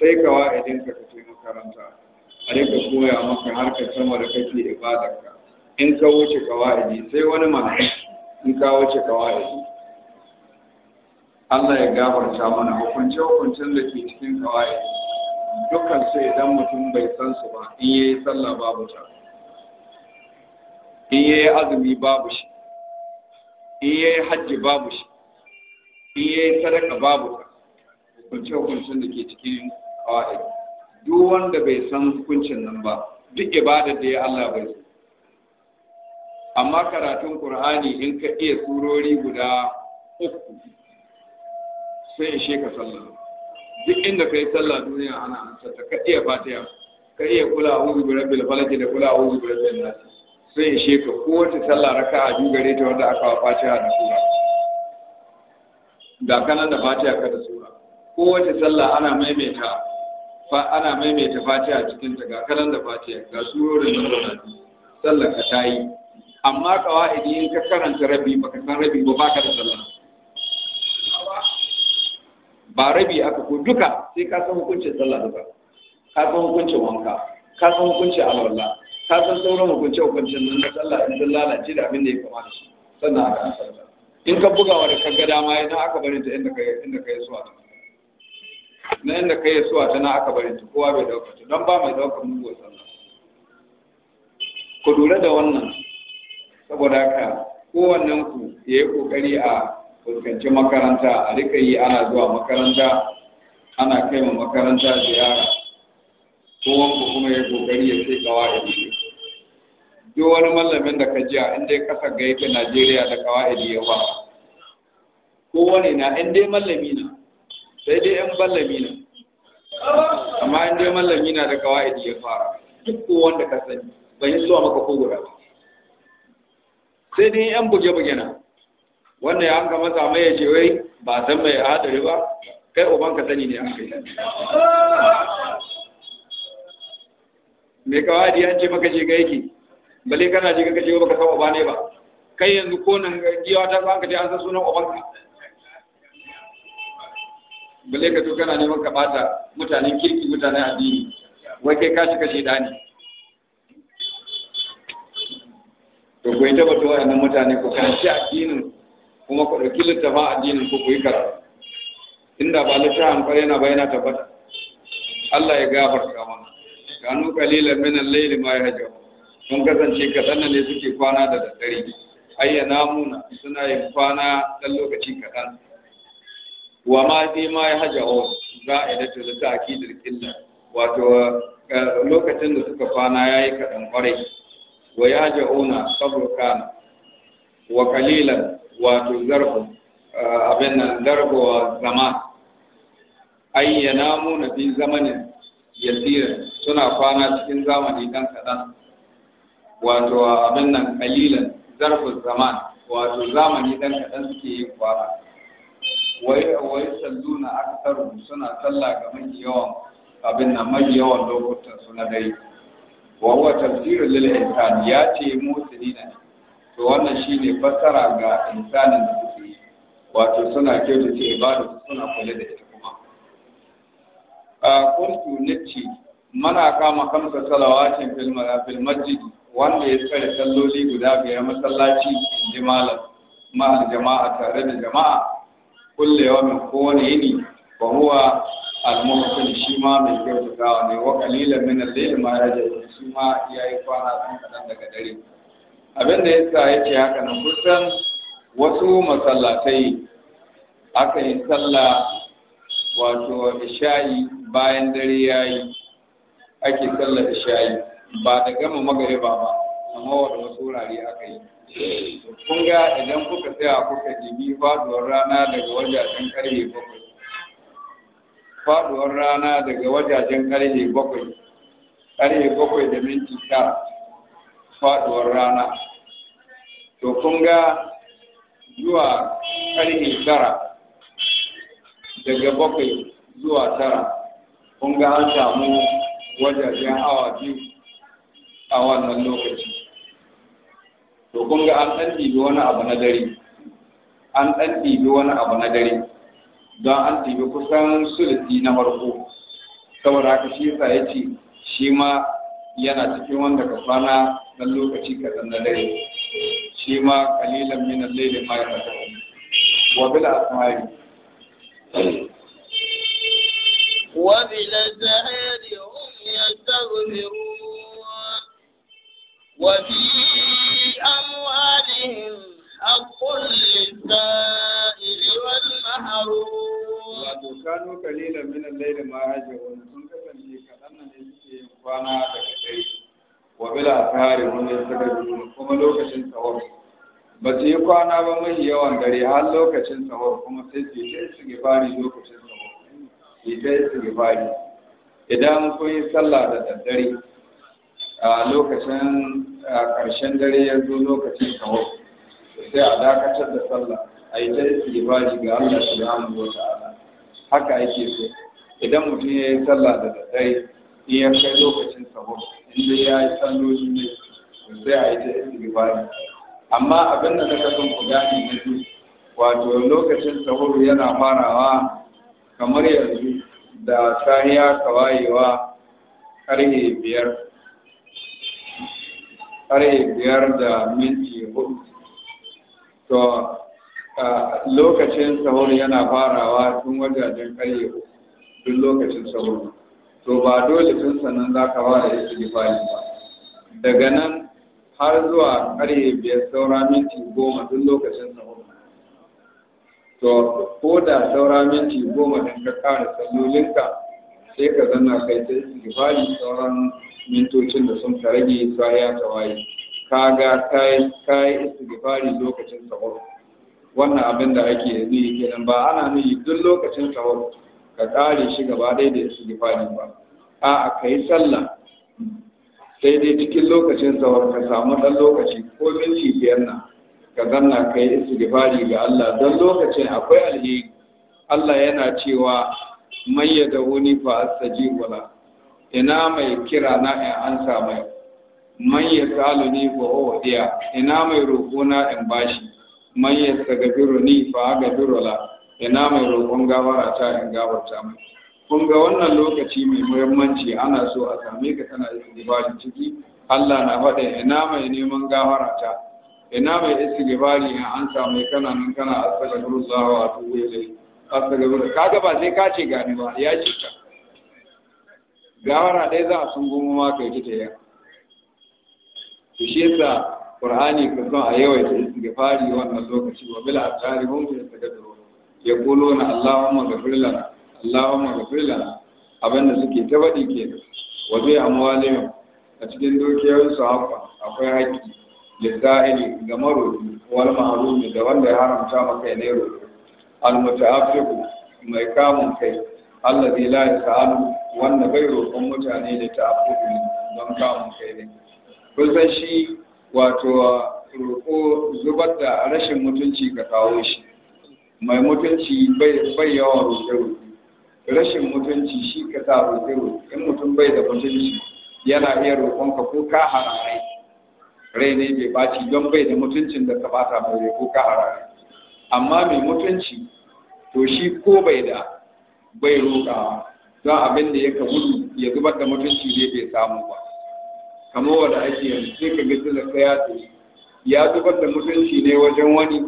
sai ka idan ka ka makaranta a rika koya maka harkar sama da kake ibadarka in ka wuce kawa'idi sai wani ma in ka wuce kawa'idi Allah ya gafarta mana hukunce-hukuncen da ke cikin kawai dukkan sai idan mutum bai san su ba in yayi sallah babu ta. in yayi azumi babu shi in yayi hajji babu shi in yayi sadaka babu hukunce hukuncin da ke cikin kawai duk wanda bai san hukuncin nan ba duk ibadar da ya Allah bai san amma karatun Qur'ani in ka iya surori guda uku sai ishe ka sallah duk inda kai sallah duniya ana amsa ta ka iya fatiha ka iya kula a bi rabbil falaq da kula a'udhu bi rabbin nasi sai ya sheka kowace sallah raka a biyu gare ta wanda aka wa fatiha da sura da kanan da fatiha ka da sura kowace sallah ana maimaita fa ana maimaita fatiha cikin ta ga kanan da fatiha ga surorin nan da sallah ka tayi amma qawaidi in ka karanta rabi baka san rabi ba baka da sallah ba rabi aka ko duka sai ka san hukuncin sallah duka ka san hukuncin wanka ka san hukuncin alwala ka san sauran hukunce hukuncen nan na sallah in sun lalace da abin da ya kama da shi sannan aka an sallah in ka wa da kanga dama yana aka bari ta inda ka inda yi suwa ta na inda ka yi suwa ta na aka bari ta kowa bai dauka ta don ba mai dauka mugu sallah ku lura da wannan saboda haka kowannen ku ya yi kokari a fuskanci makaranta a rika yi ana zuwa makaranta ana kai makaranta ziyara kowanku kuma ya yi kokari ya sai kawai ya shi duk wani mallamin da ka ji a inda ya kasa ga yake Najeriya da kawai ya ba kowane na in dai mallami na sai dai ya mallami na amma in dai mallami na da kawai ya fara duk wanda ka sani ban yi zuwa maka ko guda ba sai dai yan buge-buge na wannan ya hanga masa mai ya wai ba san mai hadari ba kai uban ka sani ne an kai me kawai an ce maka je ga yake balle kana ji kake ba baka san uba ne ba kai yanzu ko nan giwa ta san ka ce an san sunan uban ka balle ka to kana neman ka bata mutanen kirki mutanen addini wai kai ka shiga shedani to ko ku yi tabbata waɗannan mutane ko kana shi addinin kuma ku ɗauki littafin addinin ko ku yi karatu inda ba littafin kwarai yana ba yana tabbata Allah ya gafarta mana kanu qalilan min al-layli ma yahjabu sun kasance kaɗan ne suke kwana da daddare ayyana muna suna yin kwana ɗan lokaci kaɗan wa ma dai ma ya haja o za a na tulata a kidar killa wato eh, lokacin da suka kwana ya yi kaɗan ƙwarai wa ya haja ona saburkan wa kalilan wato zarfu eh, abin nan zarfu wa zama. ayyana muna bin zamanin yasira suna kwana cikin zamani ɗan kaɗan wato abin nan kalilan zarfin zaman wato zamani dan kaɗan suke yin kwara wai wai salluna aktaru suna sallah ga mafi yawan abin nan mafi yawan lokutan su na dare wa huwa tafsirul lil insan ya ce musulina to wannan shine fassara ga insanin da suke yi wato suna ce ibada suna kula da ita kuma a kuntu nace mana kama kamsa salawatin fil masjid wanda ya tsare salloli guda biyar masallaci inji malam ma'al jama'a tare da jama'a kulle min kowane yini wa huwa al shi ma mai kyautatawa ne wa qalilan min al-layl ma yaji shi ma yayi kwana dan kadan daga dare abin da yasa yake haka nan kusan wasu masallatai aka yi sallah wato isha'i bayan dare yayi ake sallar isha'i ba da gama magariba ba amma wanda wasu wurare aka yi kun ga idan kuka tsaya kuka jibi faduwar rana daga wajajen karfe bakwai faduwar rana daga wajajen karfe bakwai karfe bakwai da minti tara faduwar rana to kun ga zuwa karfe tara daga bakwai zuwa tara kun ga an samu wajajen awa biyu a wannan lokaci to kun ga an ɗan ɗibi wani abu na dare an ɗan ɗibi wani abu na dare don an ɗibi kusan sulati na farko saboda haka shi yasa ya ce shi ma yana cikin wanda ka kwana ɗan lokaci kaɗan na dare shi ma kalilan min al-layli ma yatafakkaru wa bil asmari wa bil zahiri hum yastaghfirun وفي أموالهم حق للسائل والمحروم وكانوا قليلا من الليل ما يهجعون sun kasance kaɗan ne suke yin kwana daga dare wa bila tare wanda suka kuma lokacin sahur ba su yi kwana ba mai yawan dare har lokacin sahur kuma sai su yi su gifari lokacin sahur su yi idan kun yi sallah da daddare lokacin ƙarshen dare ya zo lokacin kawo sai a dakatar da sallah a yi ta istighfari ga Allah hannu wata ala haka ake so idan mutum ya yi sallah da daddare in ya kai lokacin sahur inda ya yi salloli ne sai a yi ta istighfari amma abin da naka son ku gane na su wato lokacin sahur yana farawa kamar yanzu da sahiya kawayewa karhe biyar ƙarfe biyar da minti hudu to lokacin sahur yana farawa tun wajajen karye duk lokacin sahur to ba dole tun sannan za ka fara su ba daga nan har zuwa ƙarfe biyar saura minti goma duk lokacin sahur to ko da saura minti goma ɗin ka ƙara sallolinka sai ka zanna kai ta istighfari sauran mintocin da sun rage sai ya tawaye kaga kai kai istighfari lokacin sahur wannan abin da ake nuyi kenan ba ana yi duk lokacin sahur ka kare shi gaba ɗaya da istighfari ba a'a kai sallah sai dai cikin lokacin sahur ka samu dan lokaci ko minti biyar na ka zanna kai istighfari ga Allah dan lokacin akwai alheri Allah yana cewa mai ya ba fa saji wala. ina mai kira na in ansa mai man ya salu ni ba huwa diya ina mai roƙo na in bashi man ya tagabiru ni fa biro la ina mai roƙon gawara ta in ta mai kun ga wannan lokaci mai muhimmanci ana so a same ka tana yin ibadin ciki Allah na faɗa ina mai neman gawara ta ina mai istighfari in an samu kana nan kana astaghfirullah wa atubu ilayhi Ka kaga ba sai ka ce gani ba ya ji ta gawara dai za a sun goma ma kai ta ya to shi yasa qur'ani ka zo a yawaita fari wannan lokaci wa bil azhari hum yastaghfirun ya allahumma ghfir lana allahumma ghfir lana abinda suke ta faɗi kenan wa bi amwalihim a cikin dukiyoyinsu haka akwai haƙƙi lissa'ili ga maroƙi wal ma'rumi da wanda ya haramta maka ya ne roƙi almuta'affiqu mai kamun kai allazi la yasalu wanda bai roƙon mutane da ta'affuqu don kamun kai ne kun san shi wato roƙo zubar da rashin mutunci ka kawo shi mai mutunci bai yawan roƙe-roƙe rashin mutunci shi ka sa roƙe-roƙe in mutum bai da mutunci yana iya roƙonka ko ka hararai rai ne bai ɓaci don bai da mutuncin da ka bata mai ko ka hararai amma mai mutunci to shi ko bai da bai roƙawa don abin da ya gudu ya zubar da mutunci ne bai samu ba kamar wanda ake yanzu sai ka ga da ya ya zubar da mutunci ne wajen wani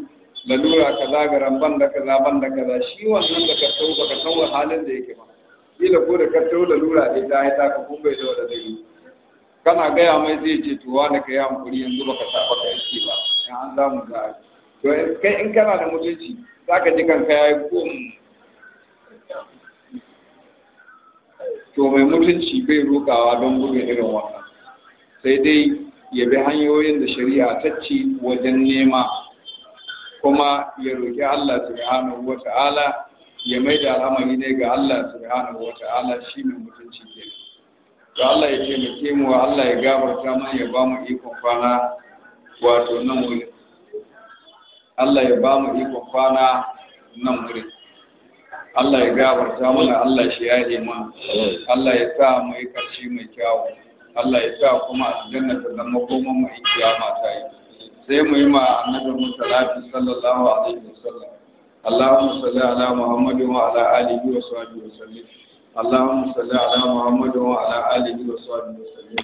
lalura kaza zagaran ban da kaza ban da kaza shi wannan da ka tau baka san halin da yake ba da ko da ka tau lalura da ta yi ta ka kun bai da wanda zai kana gaya mai zai ce to wani ka yi hankuri yanzu baka sa baka yake ba in an mu ga to kai in kana da mutunci za ka ji kanka ya yi gum to mai mutunci bai rokawa don gudun irin wannan sai dai ya bi hanyoyin da shari'a ta ci wajen nema kuma ya roƙi Allah subhanahu wa ya mai da al'amari ne ga Allah subhanahu wa shi mai mutunci ke ga Allah ya ce mu Allah ya gafarta mana ya ba mu ikon kwana wato nan wani Allah ya ba mu ikon kwana nan wurin Allah ya gabarta mana Allah shi ya ma Allah ya sa mu yi karshe mai kyawu Allah ya sa kuma aljanna ta zama koma mu yi kiyama ta yi sai mu yi ma annabi musallati sallallahu alaihi wa wasallam Allahumma salli ala Muhammad wa ala alihi wa sahbihi wa sallim Allahumma salli ala Muhammad wa ala alihi wa sahbihi wa sallim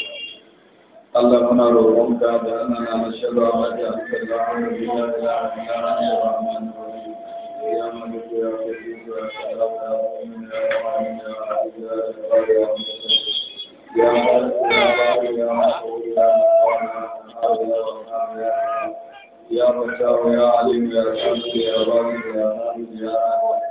اللهم روحك بأننا نشهد أنك أنت الأحد لا إله إلا أنت الرحمن الرحيم يا ملك يا قدوس يا سلام يا مؤمن يا رحمن يا عزيز يا جبار يا يا ملك يا بار يا مسؤول يا مقام يا سلام يا يا فتاح يا عليم يا شمس يا بارك يا حامد يا أحد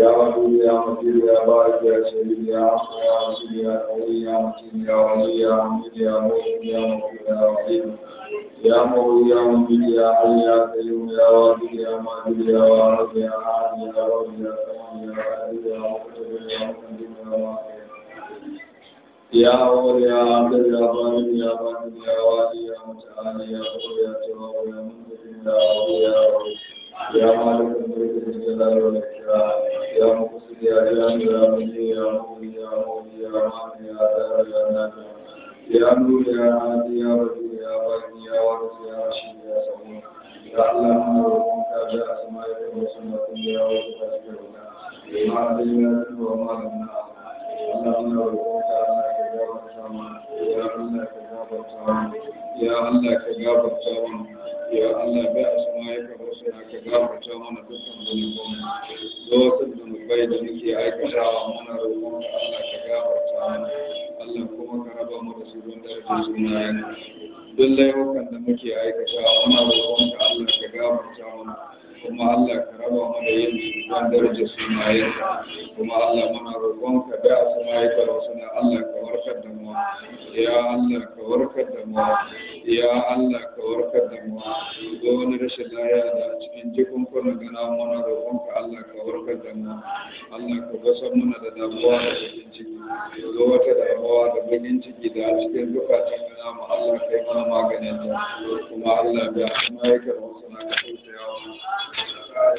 يا ودود يا مجيد يا بارك يا شهيد يا عفو يا رسول يا قوي يا متين يا ولي يا حميد يا مؤمن يا مغفور يا رحيم يا مولي يا مجيد يا حي يا قيوم يا واجد يا ماجد يا واحد يا احد يا رب يا سلام يا عزيز يا مقتدر يا مقدم يا واحد يا أول يا عبد يا ظالم يا باطل يا والي يا متعالي يا قوي يا تواب يا منتقم يا عفو يا رب يا مالك الملك ذي الجلال والإكرام يا مقصد يا جلال يا مجيد يا مغني يا مولي يا مانع يا دار يا نافع يا نور يا هادي يا بديع يا باقي يا وارث يا رشيد يا سميع يا الله انا ربك باسمائك وسنتك يا وجه اسمعنا ما علينا وما لم نعلم اللهم ربك انا كجابر يا الله كجابر يا الله كجابر ya Allah bai a suma ya kawo suna ka gafarta mana dukkan zunubin da wasu zunubai da muke aikatawa mana roƙon ka Allah ka gafarta mana Allah kuma ka raba mu da su don darajar sunayen duk laifukan da muke aikatawa mana roƙon ka Allah ka gafarta mana kuma Allah ka raba mu da yin don darajar sunayen kuma Allah muna roƙon ka bai a suma ya kawo suna Allah ka warkar da mu ya Allah ka warkar da mu ya Allah ka warkar da mu ga wani rashin laya da a cikin jikin kuna gana mana roƙonka Allah ka warkar da mu Allah ka basar mana da damuwa da cikin ciki ga wata damuwa da bakin ciki da a cikin zukatan gana mu Allah ka yi mana maganin ta kuma Allah ya kuma ya karɓi suna ka tausaya wa